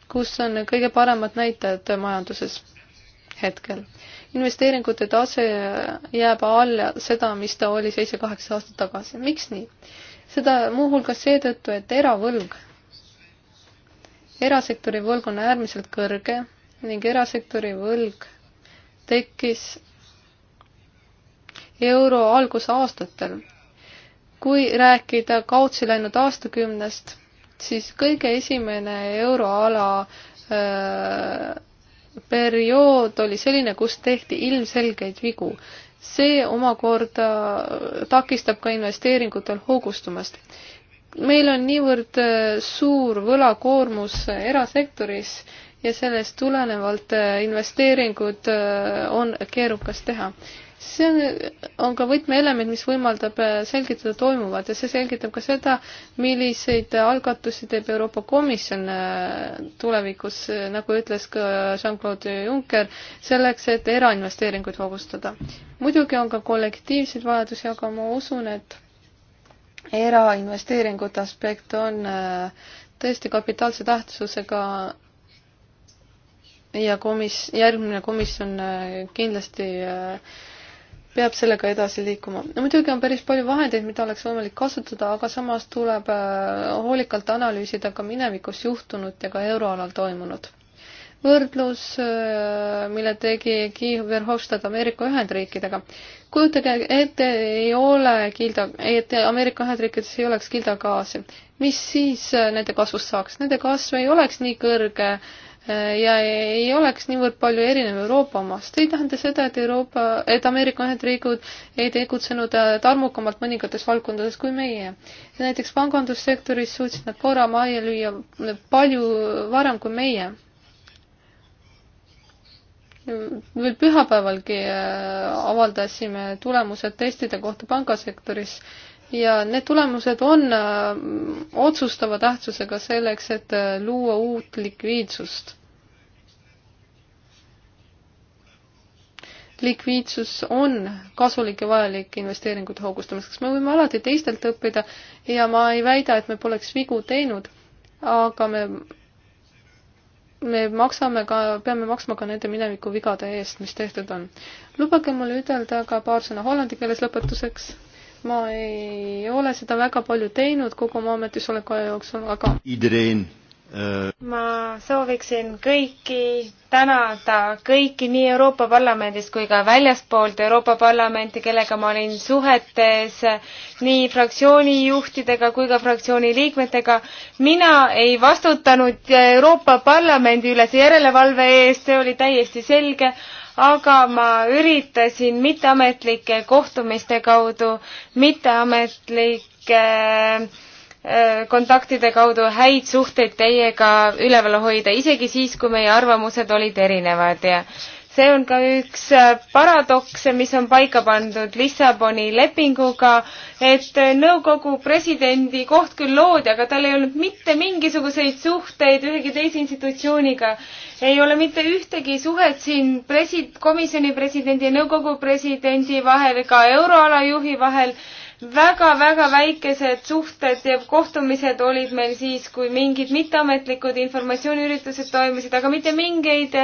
kus on kõige paremad näitajad majanduses hetkel investeeringute tase jääb alla seda, mis ta oli seitse-kaheksa aastat tagasi. miks nii? seda muuhulgas seetõttu, et eravõlg, erasektori võlg on äärmiselt kõrge ning erasektori võlg tekkis euro algusaastatel. kui rääkida kaotsi läinud aastakümnest, siis kõige esimene euroala öö, äh, periood oli selline, kus tehti ilmselgeid vigu. see omakorda takistab ka investeeringutel hoogustumast. meil on niivõrd äh, suur võlakoormus äh, erasektoris ja sellest tulenevalt äh, investeeringud on keerukas teha see on, on ka võtmeelement, mis võimaldab äh, selgitada toimuvat ja see selgitab ka seda, milliseid algatusi teeb Euroopa Komisjon äh, tulevikus, äh, nagu ütles ka Jean-Claude Juncker, selleks, et erainvesteeringuid hoogustada. muidugi on ka kollektiivseid vajadusi, aga ma usun, et erainvesteeringute aspekt on tõesti kapitaalse tähtsusega ja komis-, järgmine komisjon kindlasti äh, peab sellega edasi liikuma. no muidugi on päris palju vahendeid, mida oleks võimalik kasutada, aga samas tuleb äh, hoolikalt analüüsida ka minevikus juhtunut ja ka euroalal toimunut. võrdlus, äh, mille tegi Guy Verhofstadt Ameerika Ühendriikidega. kujutage ette, ei ole Gilda, et Ameerika Ühendriikides ei oleks Gilda gaasi. mis siis äh, nende kasvust saaks? Nende kasv ei oleks nii kõrge äh, Äh, ja ei oleks niivõrd palju erinev Euroopa omast. ei tähenda seda, et Euroopa, et Ameerika Ühendriigid ei tegutsenud äh, tarmukamalt mõningates valdkondades kui meie. näiteks pangandussektoris suutsid nad korra majja lüüa palju varem kui meie. veel pühapäevalgi äh, avaldasime tulemused testide kohta pangasektoris ja need tulemused on äh, otsustava tähtsusega selleks, et äh, luua uut likviidsust. likviidsus on kasulik ja vajalik investeeringute hoogustamiseks, me võime alati teistelt õppida ja ma ei väida, et me poleks vigu teinud, aga me, me maksame ka, peame maksma ka nende mineviku vigade eest, mis tehtud on. lubage mul ütelda ka paar sõna hollandi keeles lõpetuseks ma ei ole seda väga palju teinud kogu oma ametisoleku aja jooksul, aga Idreen äh, ma sooviksin kõiki tänada, kõiki nii Euroopa Parlamendist kui ka väljaspoolt Euroopa Parlamenti, kellega ma olin suhetes nii fraktsiooni juhtidega kui ka fraktsiooni liikmetega. mina ei vastutanud Euroopa Parlamendi üles järelevalve eest, see oli täiesti selge, aga ma üritasin mitteametlike kohtumiste kaudu, mitteametlike äh, kontaktide kaudu häid suhteid teiega üleval hoida, isegi siis, kui meie arvamused olid erinevad ja see on ka üks äh, paradokse, mis on paika pandud Lissaboni lepinguga, et äh, nõukogu presidendi koht küll loodi, aga tal ei olnud mitte mingisuguseid suhteid ühegi teise institutsiooniga. ei ole mitte ühtegi suhet siin presi-, komisjoni presidendi ja nõukogu presidendi vahel ega euroala juhi vahel väga-väga väikesed suhted ja kohtumised olid meil siis, kui mingid mitteametlikud informatsiooniüritused toimusid, aga mitte mingeid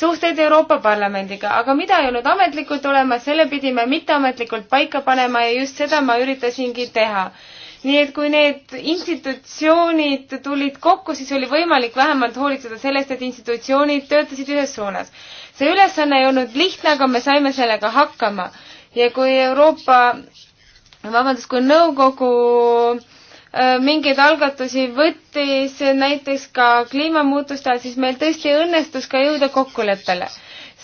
suhteid Euroopa Parlamendiga. aga mida ei olnud ametlikult olemas, selle pidime mitteametlikult paika panema ja just seda ma üritasingi teha nii et kui need institutsioonid tulid kokku, siis oli võimalik vähemalt hoolitseda sellest, et institutsioonid töötasid ühes suunas. see ülesanne ei olnud lihtne, aga me saime sellega hakkama. ja kui Euroopa vabandust, kui nõukogu äh, mingeid algatusi võttis, näiteks ka kliimamuutuste ajal, siis meil tõesti õnnestus ka jõuda kokkuleppele,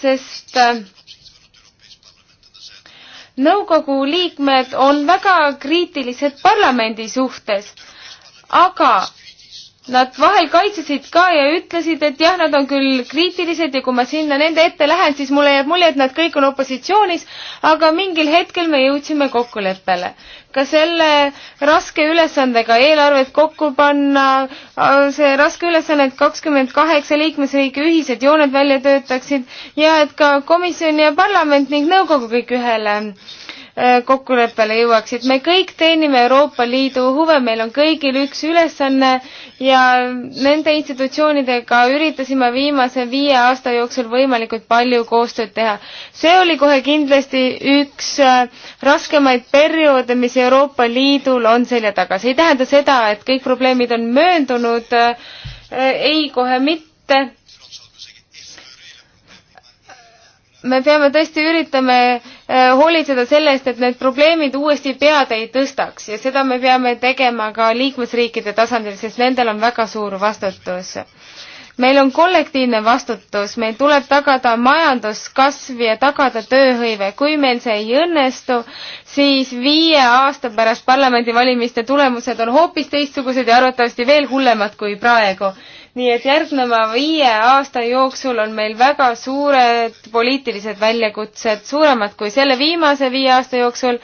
sest äh, nõukogu liikmed on väga kriitilised parlamendi suhtes, aga Nad vahel kaitsesid ka ja ütlesid, et jah, nad on küll kriitilised ja kui ma sinna nende ette lähen, siis mulle jääb mulje, et nad kõik on opositsioonis, aga mingil hetkel me jõudsime kokkuleppele. ka selle raske ülesandega eelarvet kokku panna, äh, see raske ülesanne, et kakskümmend kaheksa liikmesriigi ühised jooned välja töötaksid ja et ka komisjon ja parlament ning nõukogu kõik ühele äh, Äh, kokkuleppele jõuaksid. me kõik teenime Euroopa Liidu huve, meil on kõigil üks ülesanne ja nende institutsioonidega üritasime viimase viie aasta jooksul võimalikult palju koostööd teha. see oli kohe kindlasti üks äh, raskemaid perioode, mis Euroopa Liidul on selja taga. see ei tähenda seda, et kõik probleemid on möödunud, äh, ei, kohe mitte me peame tõesti üritame Äh, hoolitseda selle eest, et need probleemid uuesti pead ei tõstaks ja seda me peame tegema ka liikmesriikide tasandil, sest nendel on väga suur vastutus. meil on kollektiivne vastutus, meil tuleb tagada majanduskasv ja tagada tööhõive. kui meil see ei õnnestu, siis viie aasta pärast parlamendivalimiste tulemused on hoopis teistsugused ja arvatavasti veel hullemad kui praegu nii et järgneva viie aasta jooksul on meil väga suured poliitilised väljakutsed, suuremad kui selle viimase viie aasta jooksul.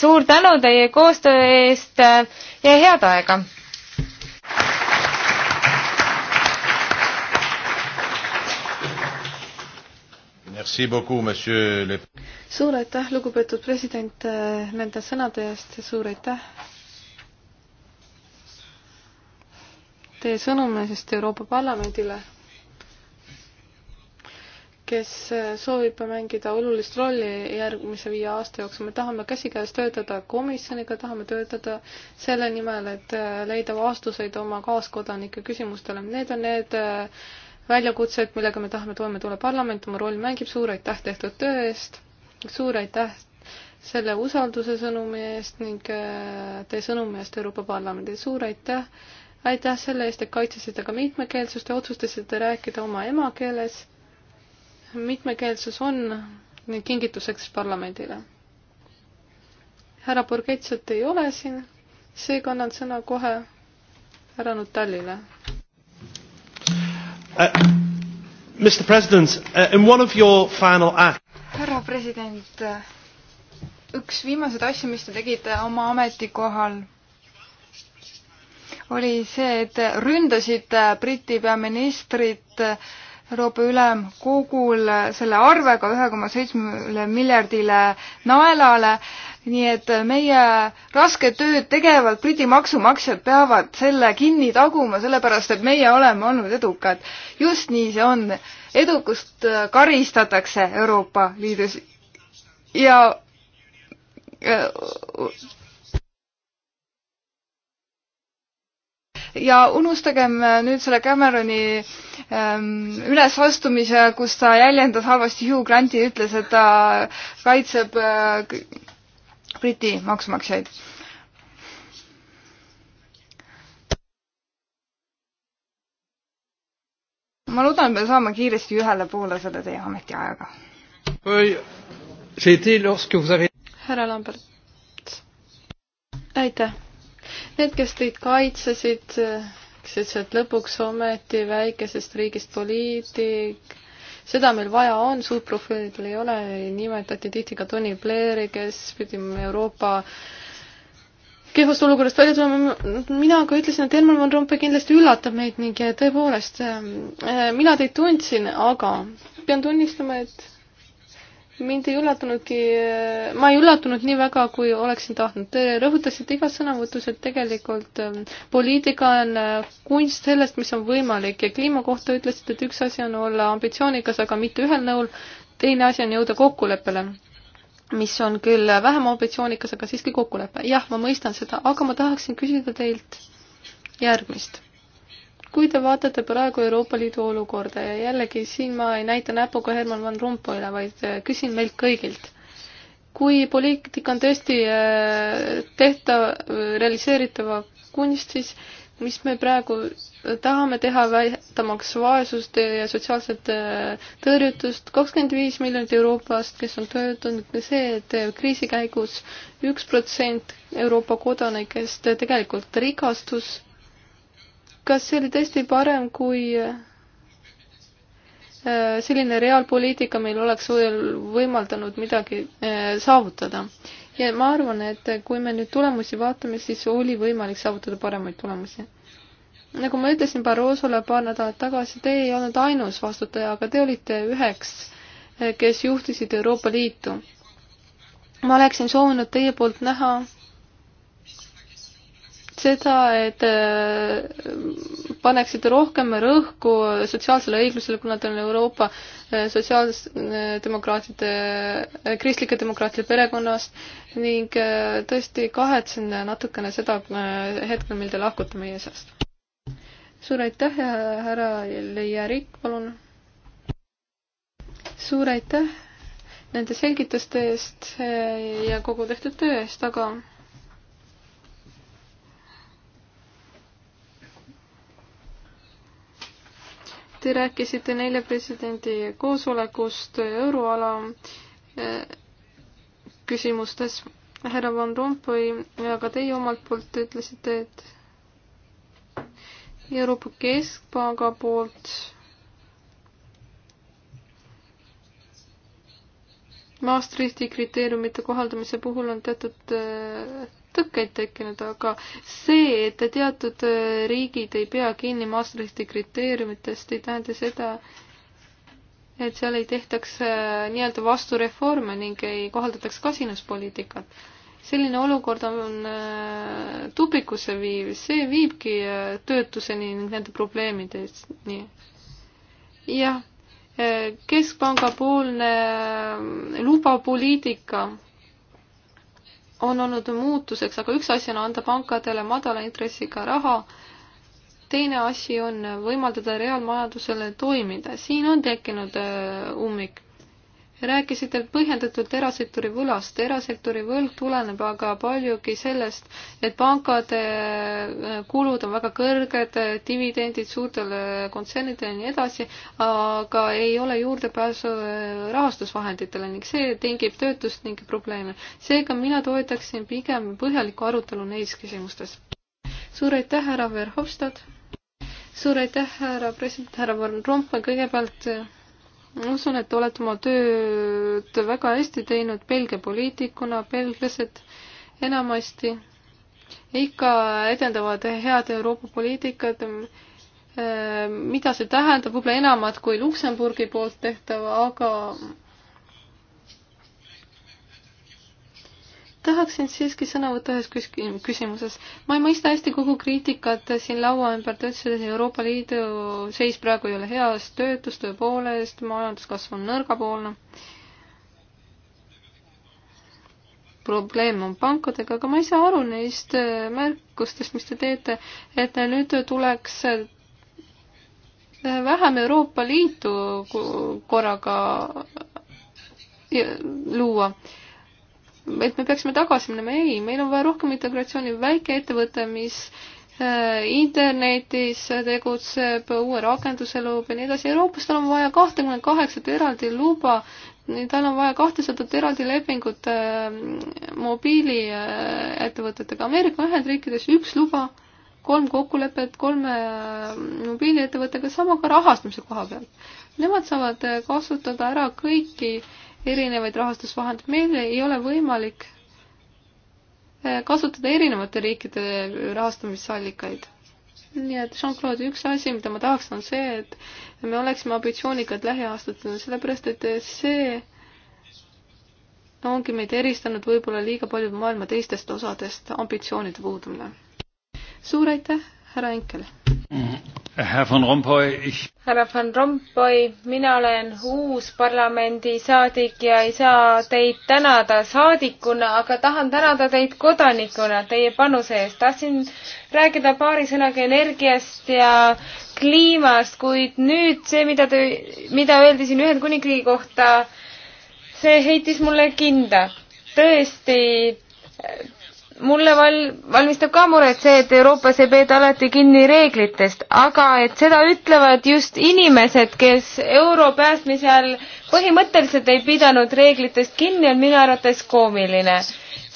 suur tänu teie koostöö eest ja head aega! suur aitäh, lugupeetud president, nende sõnade eest ja suur aitäh teie sõnumisest Euroopa Parlamendile, kes soovib mängida olulist rolli järgmise viie aasta jooksul. me tahame käsikäes töötada komisjoniga, tahame töötada selle nimel, et leida vastuseid oma kaaskodanike küsimustele. Need on need väljakutsed, millega me tahame toime tulla. parlament oma rolli mängib, suur aitäh tehtud töö eest, suur aitäh selle usalduse sõnumi eest ning äh, teie sõnumi eest Euroopa Parlamendile. suur aitäh aitäh selle eest, et kaitsesite ka mitmekeelsust ja otsustasite rääkida oma emakeeles. mitmekeelsus on kingituseks parlamendile. härra Burgetsot ei ole siin, seega annan sõna kohe härra Nutallile uh,. Mr President uh,, in one of your final act härra president, uh, üks viimaseid asju, mis te tegite oma ametikohal oli see, et ründasite äh, Briti peaministrit äh, Euroopa Ülemkogul selle arvega ühe koma seitsmele miljardile naelale, nii et äh, meie rasket tööd tegevad Briti maksumaksjad peavad selle kinni taguma, sellepärast et meie oleme olnud edukad. just nii see on, edukust karistatakse Euroopa Liidus ja ja unustagem äh, nüüd selle Cameroni ähm, ülesastumise, kus ta jäljendas halvasti Hugh Granti, ütles, et ta kaitseb äh, Briti maksumaksjaid. ma loodan, et me saame kiiresti ühele poole selle teie ametiajaga. härra Lambert, aitäh Need, kes teid kaitsesid, ütlesid, et lõpuks ometi väikesest riigist poliitik, seda meil vaja on, suurt profiili tal ei ole, nimetati tihti ka Tony Blairi, kes pidi Euroopa kehvast olukorrast välja tulema, mina ka ütlesin, et Elmar Van Rompuy kindlasti üllatab meid ning tõepoolest, mina teid tundsin, aga pean tunnistama, et mind ei üllatunudki, ma ei üllatunud nii väga, kui oleksin tahtnud. Te rõhutasite igas sõnavõtus, et tegelikult ähm, poliitika on äh, kunst sellest, mis on võimalik ja kliima kohta ütlesite, et üks asi on olla ambitsioonikas, aga mitte ühel nõul, teine asi on jõuda kokkuleppele, mis on küll vähem ambitsioonikas, aga siiski kokkulepe. jah, ma mõistan seda, aga ma tahaksin küsida teilt järgmist kui te vaatate praegu Euroopa Liidu olukorda ja jällegi siin ma ei näita näpuga Herman Van Rompuyle, vaid äh, küsin meilt kõigilt. kui poliitika on tõesti äh, tehtav, realiseeritava kunst, siis mis me praegu äh, tahame teha, vähendamaks vaesust ja sotsiaalset tõrjutust, kakskümmend viis miljonit Euroopast, kes on töötanud, see, et kriisi käigus üks protsent Euroopa kodanikest tegelikult rikastus kas see oli tõesti parem, kui äh, selline reaalpoliitika meil oleks võimaldanud midagi äh, saavutada. ja ma arvan, et kui me nüüd tulemusi vaatame, siis oli võimalik saavutada paremaid tulemusi. nagu ma ütlesin Barrosole paar nädalat tagasi, te ei olnud ainus vastutaja, aga te olite üheks, äh, kes juhtisid Euroopa Liitu. ma oleksin soovinud teie poolt näha seda, et äh, paneksite rohkem rõhku sotsiaalsele õiglusele, kuna ta on Euroopa äh, sotsiaaldemokraatide, äh, kristlike demokraatide perekonnast ning tõesti kahetsen natukene seda hetkel, mil te lahkute meie seast. suur aitäh ja härra Leia Rikk, palun. suur aitäh nende selgituste eest ja kogu tehtud töö eest, aga samuti rääkisite neile presidendi koosolekust euroala eh, küsimustes. härra Van Rompuy, aga teie omalt poolt ütlesite, et Euroopa Keskpanga poolt Maastrichti kriteeriumite kohaldamise puhul on teatud eh, tõkkeid tekkinud, aga see, et teatud äh, riigid ei pea kinni Maastrichti kriteeriumitest, ei tähenda seda, et seal ei tehtaks äh, nii-öelda vastureforme ning ei kohaldataks kasinuspoliitikat. selline olukord on äh, tupikusse viiv, see viibki töötuseni ning nende probleemideni. jah, keskpanga poolne lubapoliitika on olnud muutuseks, aga üks asi on anda pankadele madala intressiga raha, teine asi on võimaldada reaalmajandusele toimida. siin on tekkinud äh, ummik rääkisite põhjendatult erasektori võlast. erasektori võlg tuleneb aga paljugi sellest, et pankade äh, kulud on väga kõrged, dividendid suurtele äh, kontsernidele ja nii edasi, aga ei ole juurdepääsu äh, rahastusvahenditele ning see tingib töötust ning probleeme. seega mina toetaksin pigem põhjalikku arutelu neis küsimustes. suur aitäh, härra Verhofstadt! suur aitäh, härra president, härra Van Rompuy, kõigepealt ma usun, et olete oma tööd väga hästi teinud Belgia poliitikuna, belglased enamasti ikka edendavad head Euroopa poliitikat, äh, mida see tähendab, võib-olla enamat kui Luksemburgi poolt tehtav, aga tahaksin siiski sõna võtta ühes küsimuses. ma ei mõista hästi kogu kriitikat siin laua ümber, te ütlesite, et Euroopa Liidu seis praegu ei ole hea, sest töötus tõepoolest, majanduskasv on nõrgapoolne. probleem on pankadega, aga ma ei saa aru neist äh, märkustest, mis te teete, et nüüd tuleks äh, vähem Euroopa Liitu korraga äh, luua et me peaksime tagasi minema, ei, meil on vaja rohkem integratsiooni, väikeettevõte, mis äh, internetis tegutseb, uue rakenduse loob ja nii edasi, Euroopas tal on vaja kahtekümmet kaheksat eraldi luba, tal on vaja kahtesadat eraldi lepingut äh, mobiiliettevõtetega, äh, Ameerika Ühendriikides üks luba, kolm kokkulepet kolme mobiiliettevõttega, sama ka rahastamise koha pealt. Nemad saavad kasutada ära kõiki äh, erinevaid rahastusvahendeid, meil ei ole võimalik eh, kasutada erinevate riikide rahastamisallikaid. nii et Jean-Claude, üks asi, mida ma tahaks, on see, et me oleksime ambitsioonikad lähiaastatel, sellepärast et see ongi meid eristanud võib-olla liiga palju maailma teistest osadest, ambitsioonide puudumine. suur aitäh, härra Enkel! härra Van Rompuy, ich... härra Van Rompuy, mina olen uus parlamendisaadik ja ei saa teid tänada saadikuna, aga tahan tänada teid kodanikuna teie panuse eest. tahtsin rääkida paari sõnaga energiast ja kliimast, kuid nüüd see, mida te, mida öeldi siin Ühendkuningriigi kohta, see heitis mulle kinda. tõesti mulle val-, valmistab ka muret see, et Euroopas ei peeta alati kinni reeglitest, aga et seda ütlevad just inimesed, kes euro päästmise all põhimõtteliselt ei pidanud reeglitest kinni, on minu arvates koomiline.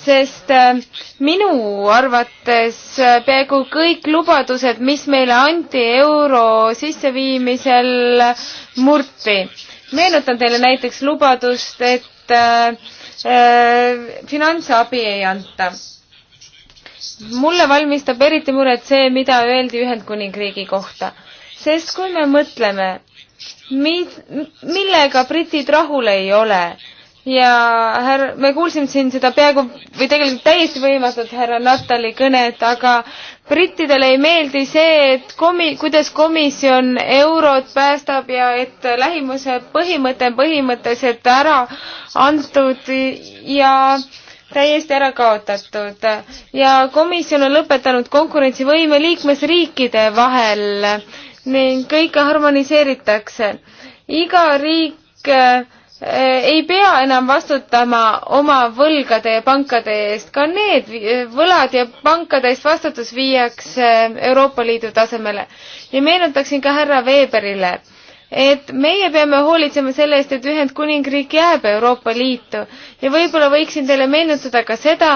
sest äh, minu arvates äh, peaaegu kõik lubadused, mis meile anti euro sisseviimisel, murti. meenutan teile näiteks lubadust, et äh, äh finantsabi ei anta mulle valmistab eriti muret see, mida öeldi Ühendkuningriigi kohta. sest kui me mõtleme, mi-, millega britid rahul ei ole ja härra, me kuulsime siin seda peaaegu või tegelikult täiesti võimatut härra Natali kõnet, aga brittidele ei meeldi see, et komi-, kuidas komisjon eurot päästab ja et lähimuse põhimõte on põhimõtteliselt ära antud ja äh, täiesti ära kaotatud ja komisjon on lõpetanud konkurentsivõime liikmesriikide vahel ning kõike harmoniseeritakse. iga riik eh, ei pea enam vastutama oma võlgade ja pankade eest, ka need võlad ja pankade eest vastutus viiakse Euroopa Liidu tasemele. ja meenutaksin ka härra Weberile, et meie peame hoolitsema selle eest, et Ühendkuningriik jääb Euroopa Liitu ja võib-olla võiksin teile meenutada ka seda,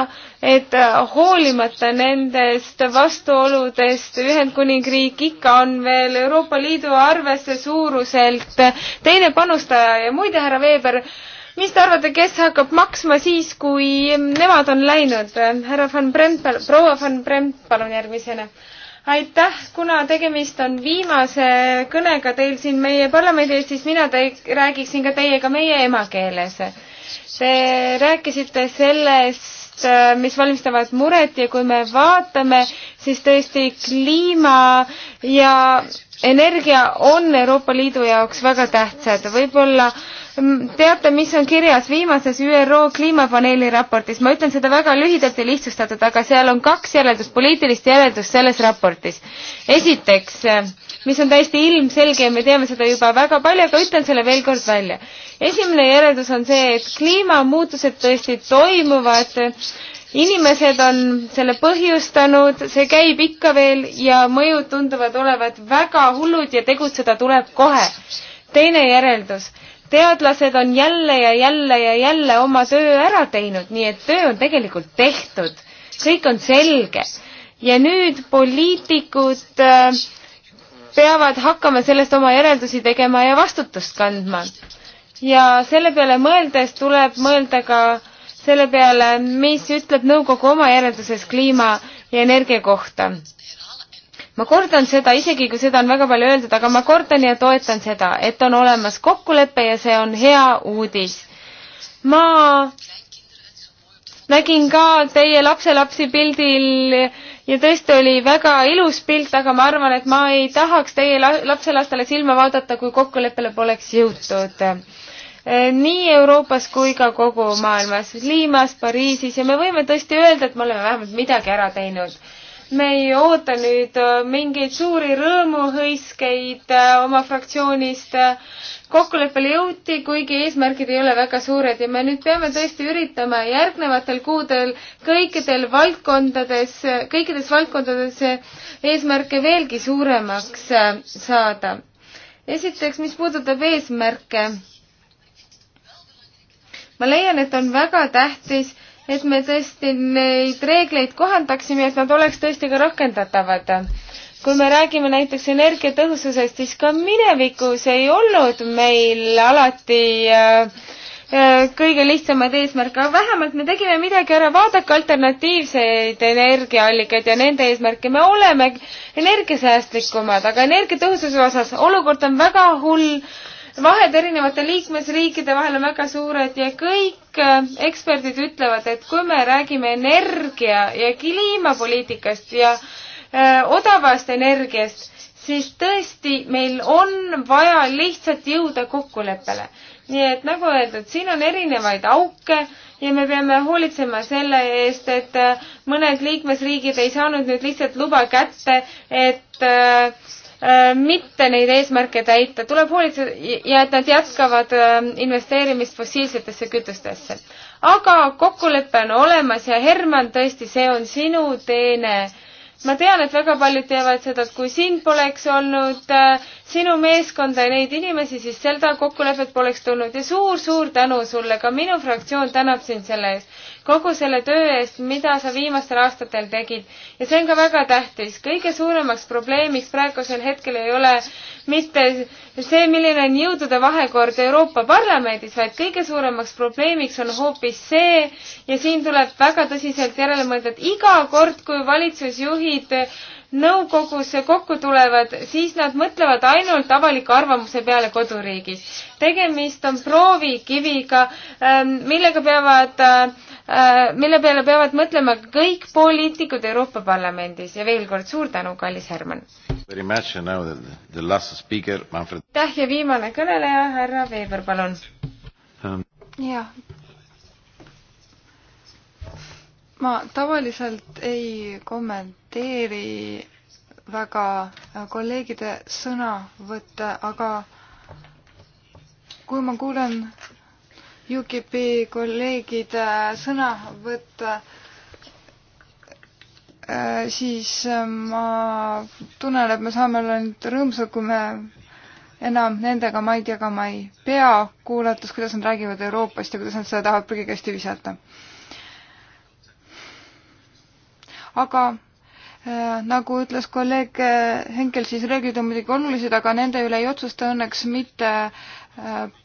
et äh, hoolimata nendest vastuoludest Ühendkuningriik ikka on veel Euroopa Liidu arvesse suuruselt äh, teine panustaja ja muide, härra Veeber, mis te arvate, kes hakkab maksma siis, kui äh, nemad on läinud? härra Van Brempt, proua Van Brempt, palun järgmisena aitäh, kuna tegemist on viimase kõnega teil siin meie parlamendi ees, siis mina te-, räägiksin ka teiega meie emakeeles. Te rääkisite sellest, äh, mis valmistavad muret ja kui me vaatame, siis tõesti kliima ja energia on Euroopa Liidu jaoks väga tähtsad. võib-olla äh, Mm, teate, mis on kirjas viimases ÜRO kliimapaneeli raportis, ma ütlen seda väga lühidalt ja lihtsustatult, aga seal on kaks järeldust, poliitilist järeldust selles raportis. esiteks, eh, mis on täiesti ilmselge ja me teame seda juba väga palju, aga ütlen selle veel kord välja. esimene järeldus on see, et kliimamuutused tõesti toimuvad, inimesed on selle põhjustanud, see käib ikka veel ja mõjud tunduvad olevat väga hullud ja tegutseda tuleb kohe. teine järeldus teadlased on jälle ja jälle ja jälle oma töö ära teinud, nii et töö on tegelikult tehtud, kõik on selge. ja nüüd poliitikud äh, peavad hakkama sellest oma järeldusi tegema ja vastutust kandma. ja selle peale mõeldes tuleb mõelda ka selle peale, mis ütleb nõukogu oma järelduses kliima ja energia kohta ma kordan seda, isegi kui seda on väga palju öeldud, aga ma kordan ja toetan seda, et on olemas kokkulepe ja see on hea uudis. ma nägin ka teie lapselapsi pildil ja tõesti oli väga ilus pilt, aga ma arvan, et ma ei tahaks teie lapselastele silma vaadata, kui kokkuleppele poleks jõutud. Eh, nii Euroopas kui ka kogu maailmas, Liimas, Pariisis ja me võime tõesti öelda, et me oleme vähemalt midagi ära teinud me ei oota nüüd äh, mingeid suuri rõõmuhõiskeid äh, oma fraktsioonist. kokkuleppele jõuti, kuigi eesmärgid ei ole väga suured ja me nüüd peame tõesti üritama järgnevatel kuudel kõikidel valdkondades, kõikides valdkondades eesmärke veelgi suuremaks äh, saada. esiteks, mis puudutab eesmärke, ma leian, et on väga tähtis et me tõesti neid reegleid kohandaksime, et nad oleks tõesti ka rakendatavad. kui me räägime näiteks energiatõhususest, siis ka minevikus ei olnud meil alati äh, äh, kõige lihtsamaid eesmärke, aga vähemalt me tegime midagi ära, vaadake alternatiivseid energiaallikaid ja nende eesmärke, me oleme energiasäästlikumad, aga energiatõhususe osas olukord on väga hull vahed erinevate liikmesriikide vahel on väga suured ja kõik äh, eksperdid ütlevad, et kui me räägime energia ja kliimapoliitikast ja öö, äh, odavast energiast, siis tõesti meil on vaja lihtsalt jõuda kokkuleppele. nii et nagu öeldud, siin on erinevaid auke ja me peame hoolitsema selle eest, et äh, mõned liikmesriigid ei saanud nüüd lihtsalt luba kätte, et äh, Äh, mitte neid eesmärke täita, tuleb hoolitseda ja et nad jätkavad äh, investeerimist fossiilsetesse kütustesse. aga kokkulepe on olemas ja Herman, tõesti, see on sinu teene. ma tean, et väga paljud teavad seda, et kui sind poleks olnud äh, sinu meeskonda ja neid inimesi, siis seda kokkulepet poleks tulnud ja suur-suur tänu sulle, ka minu fraktsioon tänab sind selle eest kogu selle töö eest, mida sa viimastel aastatel tegid. ja see on ka väga tähtis. kõige suuremaks probleemiks praegusel hetkel ei ole mitte see, milline on jõudude vahekord Euroopa Parlamendis, vaid kõige suuremaks probleemiks on hoopis see ja siin tuleb väga tõsiselt järele mõelda, et iga kord, kui valitsusjuhid nõukogus kokku tulevad, siis nad mõtlevad ainult avaliku arvamuse peale koduriigis. tegemist on proovikiviga, ähm, millega peavad äh, Äh, mille peale peavad mõtlema kõik poliitikud Euroopa Parlamendis ja veel kord suur tänu, kallis Herman. aitäh ja viimane kõneleja, härra Veeber, palun um.. jah. ma tavaliselt ei kommenteeri väga kolleegide sõnavõtte, aga kui ma kuulen UKIP-i kolleegide äh, sõnavõtte, äh, siis äh, ma tunnen, et me saame olla nüüd rõõmsad, kui me enam nendega maid jagama ei pea, kuulates, kuidas nad räägivad Euroopast ja kuidas nad seda tahavad prügikasti visata. aga nagu ütles kolleeg Henkel, siis reeglid on muidugi olulised, aga nende üle ei otsusta õnneks mitte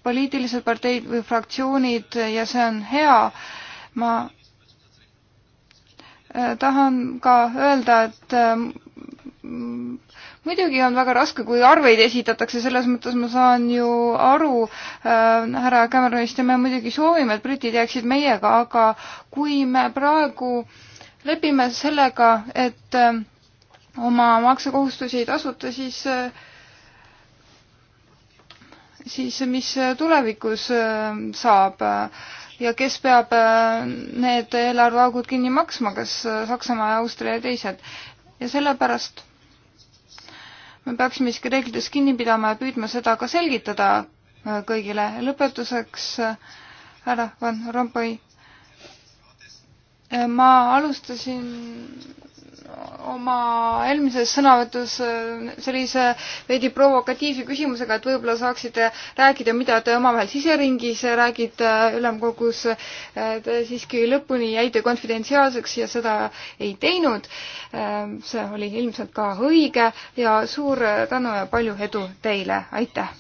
poliitilised parteid või fraktsioonid ja see on hea. ma äh, tahan ka öelda, et äh, muidugi on väga raske, kui arveid esitatakse, selles mõttes ma saan ju aru äh, härra Cameronist ja me muidugi soovime, et britid jääksid meiega, aga kui me praegu lepime sellega, et äh, oma maksekohustusi ei tasuta, siis äh, siis mis äh, tulevikus äh, saab ja kes peab äh, need eelarveaugud kinni maksma, kas Saksamaa ja Austria ja teised. ja sellepärast me peaksime siiski reeglitest kinni pidama ja püüdma seda ka selgitada kõigile. lõpetuseks härra Van Rompuy. ma alustasin oma eelmises sõnavõtus äh, sellise veidi provokatiivse küsimusega, et võib-olla saaksite rääkida, mida te omavahel siseringis räägite ülemkogus. Äh, te siiski lõpuni jäite konfidentsiaalseks ja seda ei teinud. Äh, see oli ilmselt ka õige ja suur tänu ja palju edu teile, aitäh!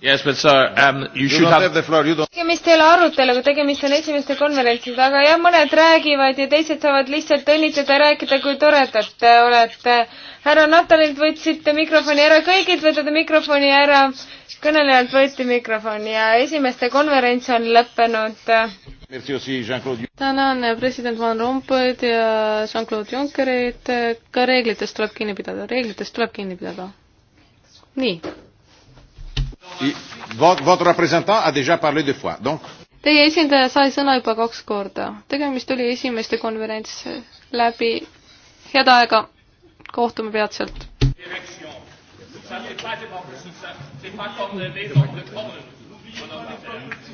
Yes, but sir, um, you, you should have, have the floor. You don't... tegemist ei ole aruteluga, tegemist on esimeste konverentsiga, aga jah, mõned räägivad ja teised saavad lihtsalt õnnitleda ja rääkida, kui toredad te olete. härra Natalilt võtsite mikrofoni ära, kõigilt võtate mikrofoni ära, kõnelejalt võeti mikrofon ja esimeste konverents on lõppenud. tänan eh, president Van Rompuyd ja Jean-Claude Junckerit, eh, ka reeglitest tuleb kinni pidada, reeglitest tuleb kinni pidada. nii Votre, votre représentant a déjà parlé deux fois, donc. Teie esindaja sai sõna juba kaks korda. tegemist oli esimeste konverents läbi. head aega, kohtume peatselt. Ça n'est pas, pas comme les maisons de communes.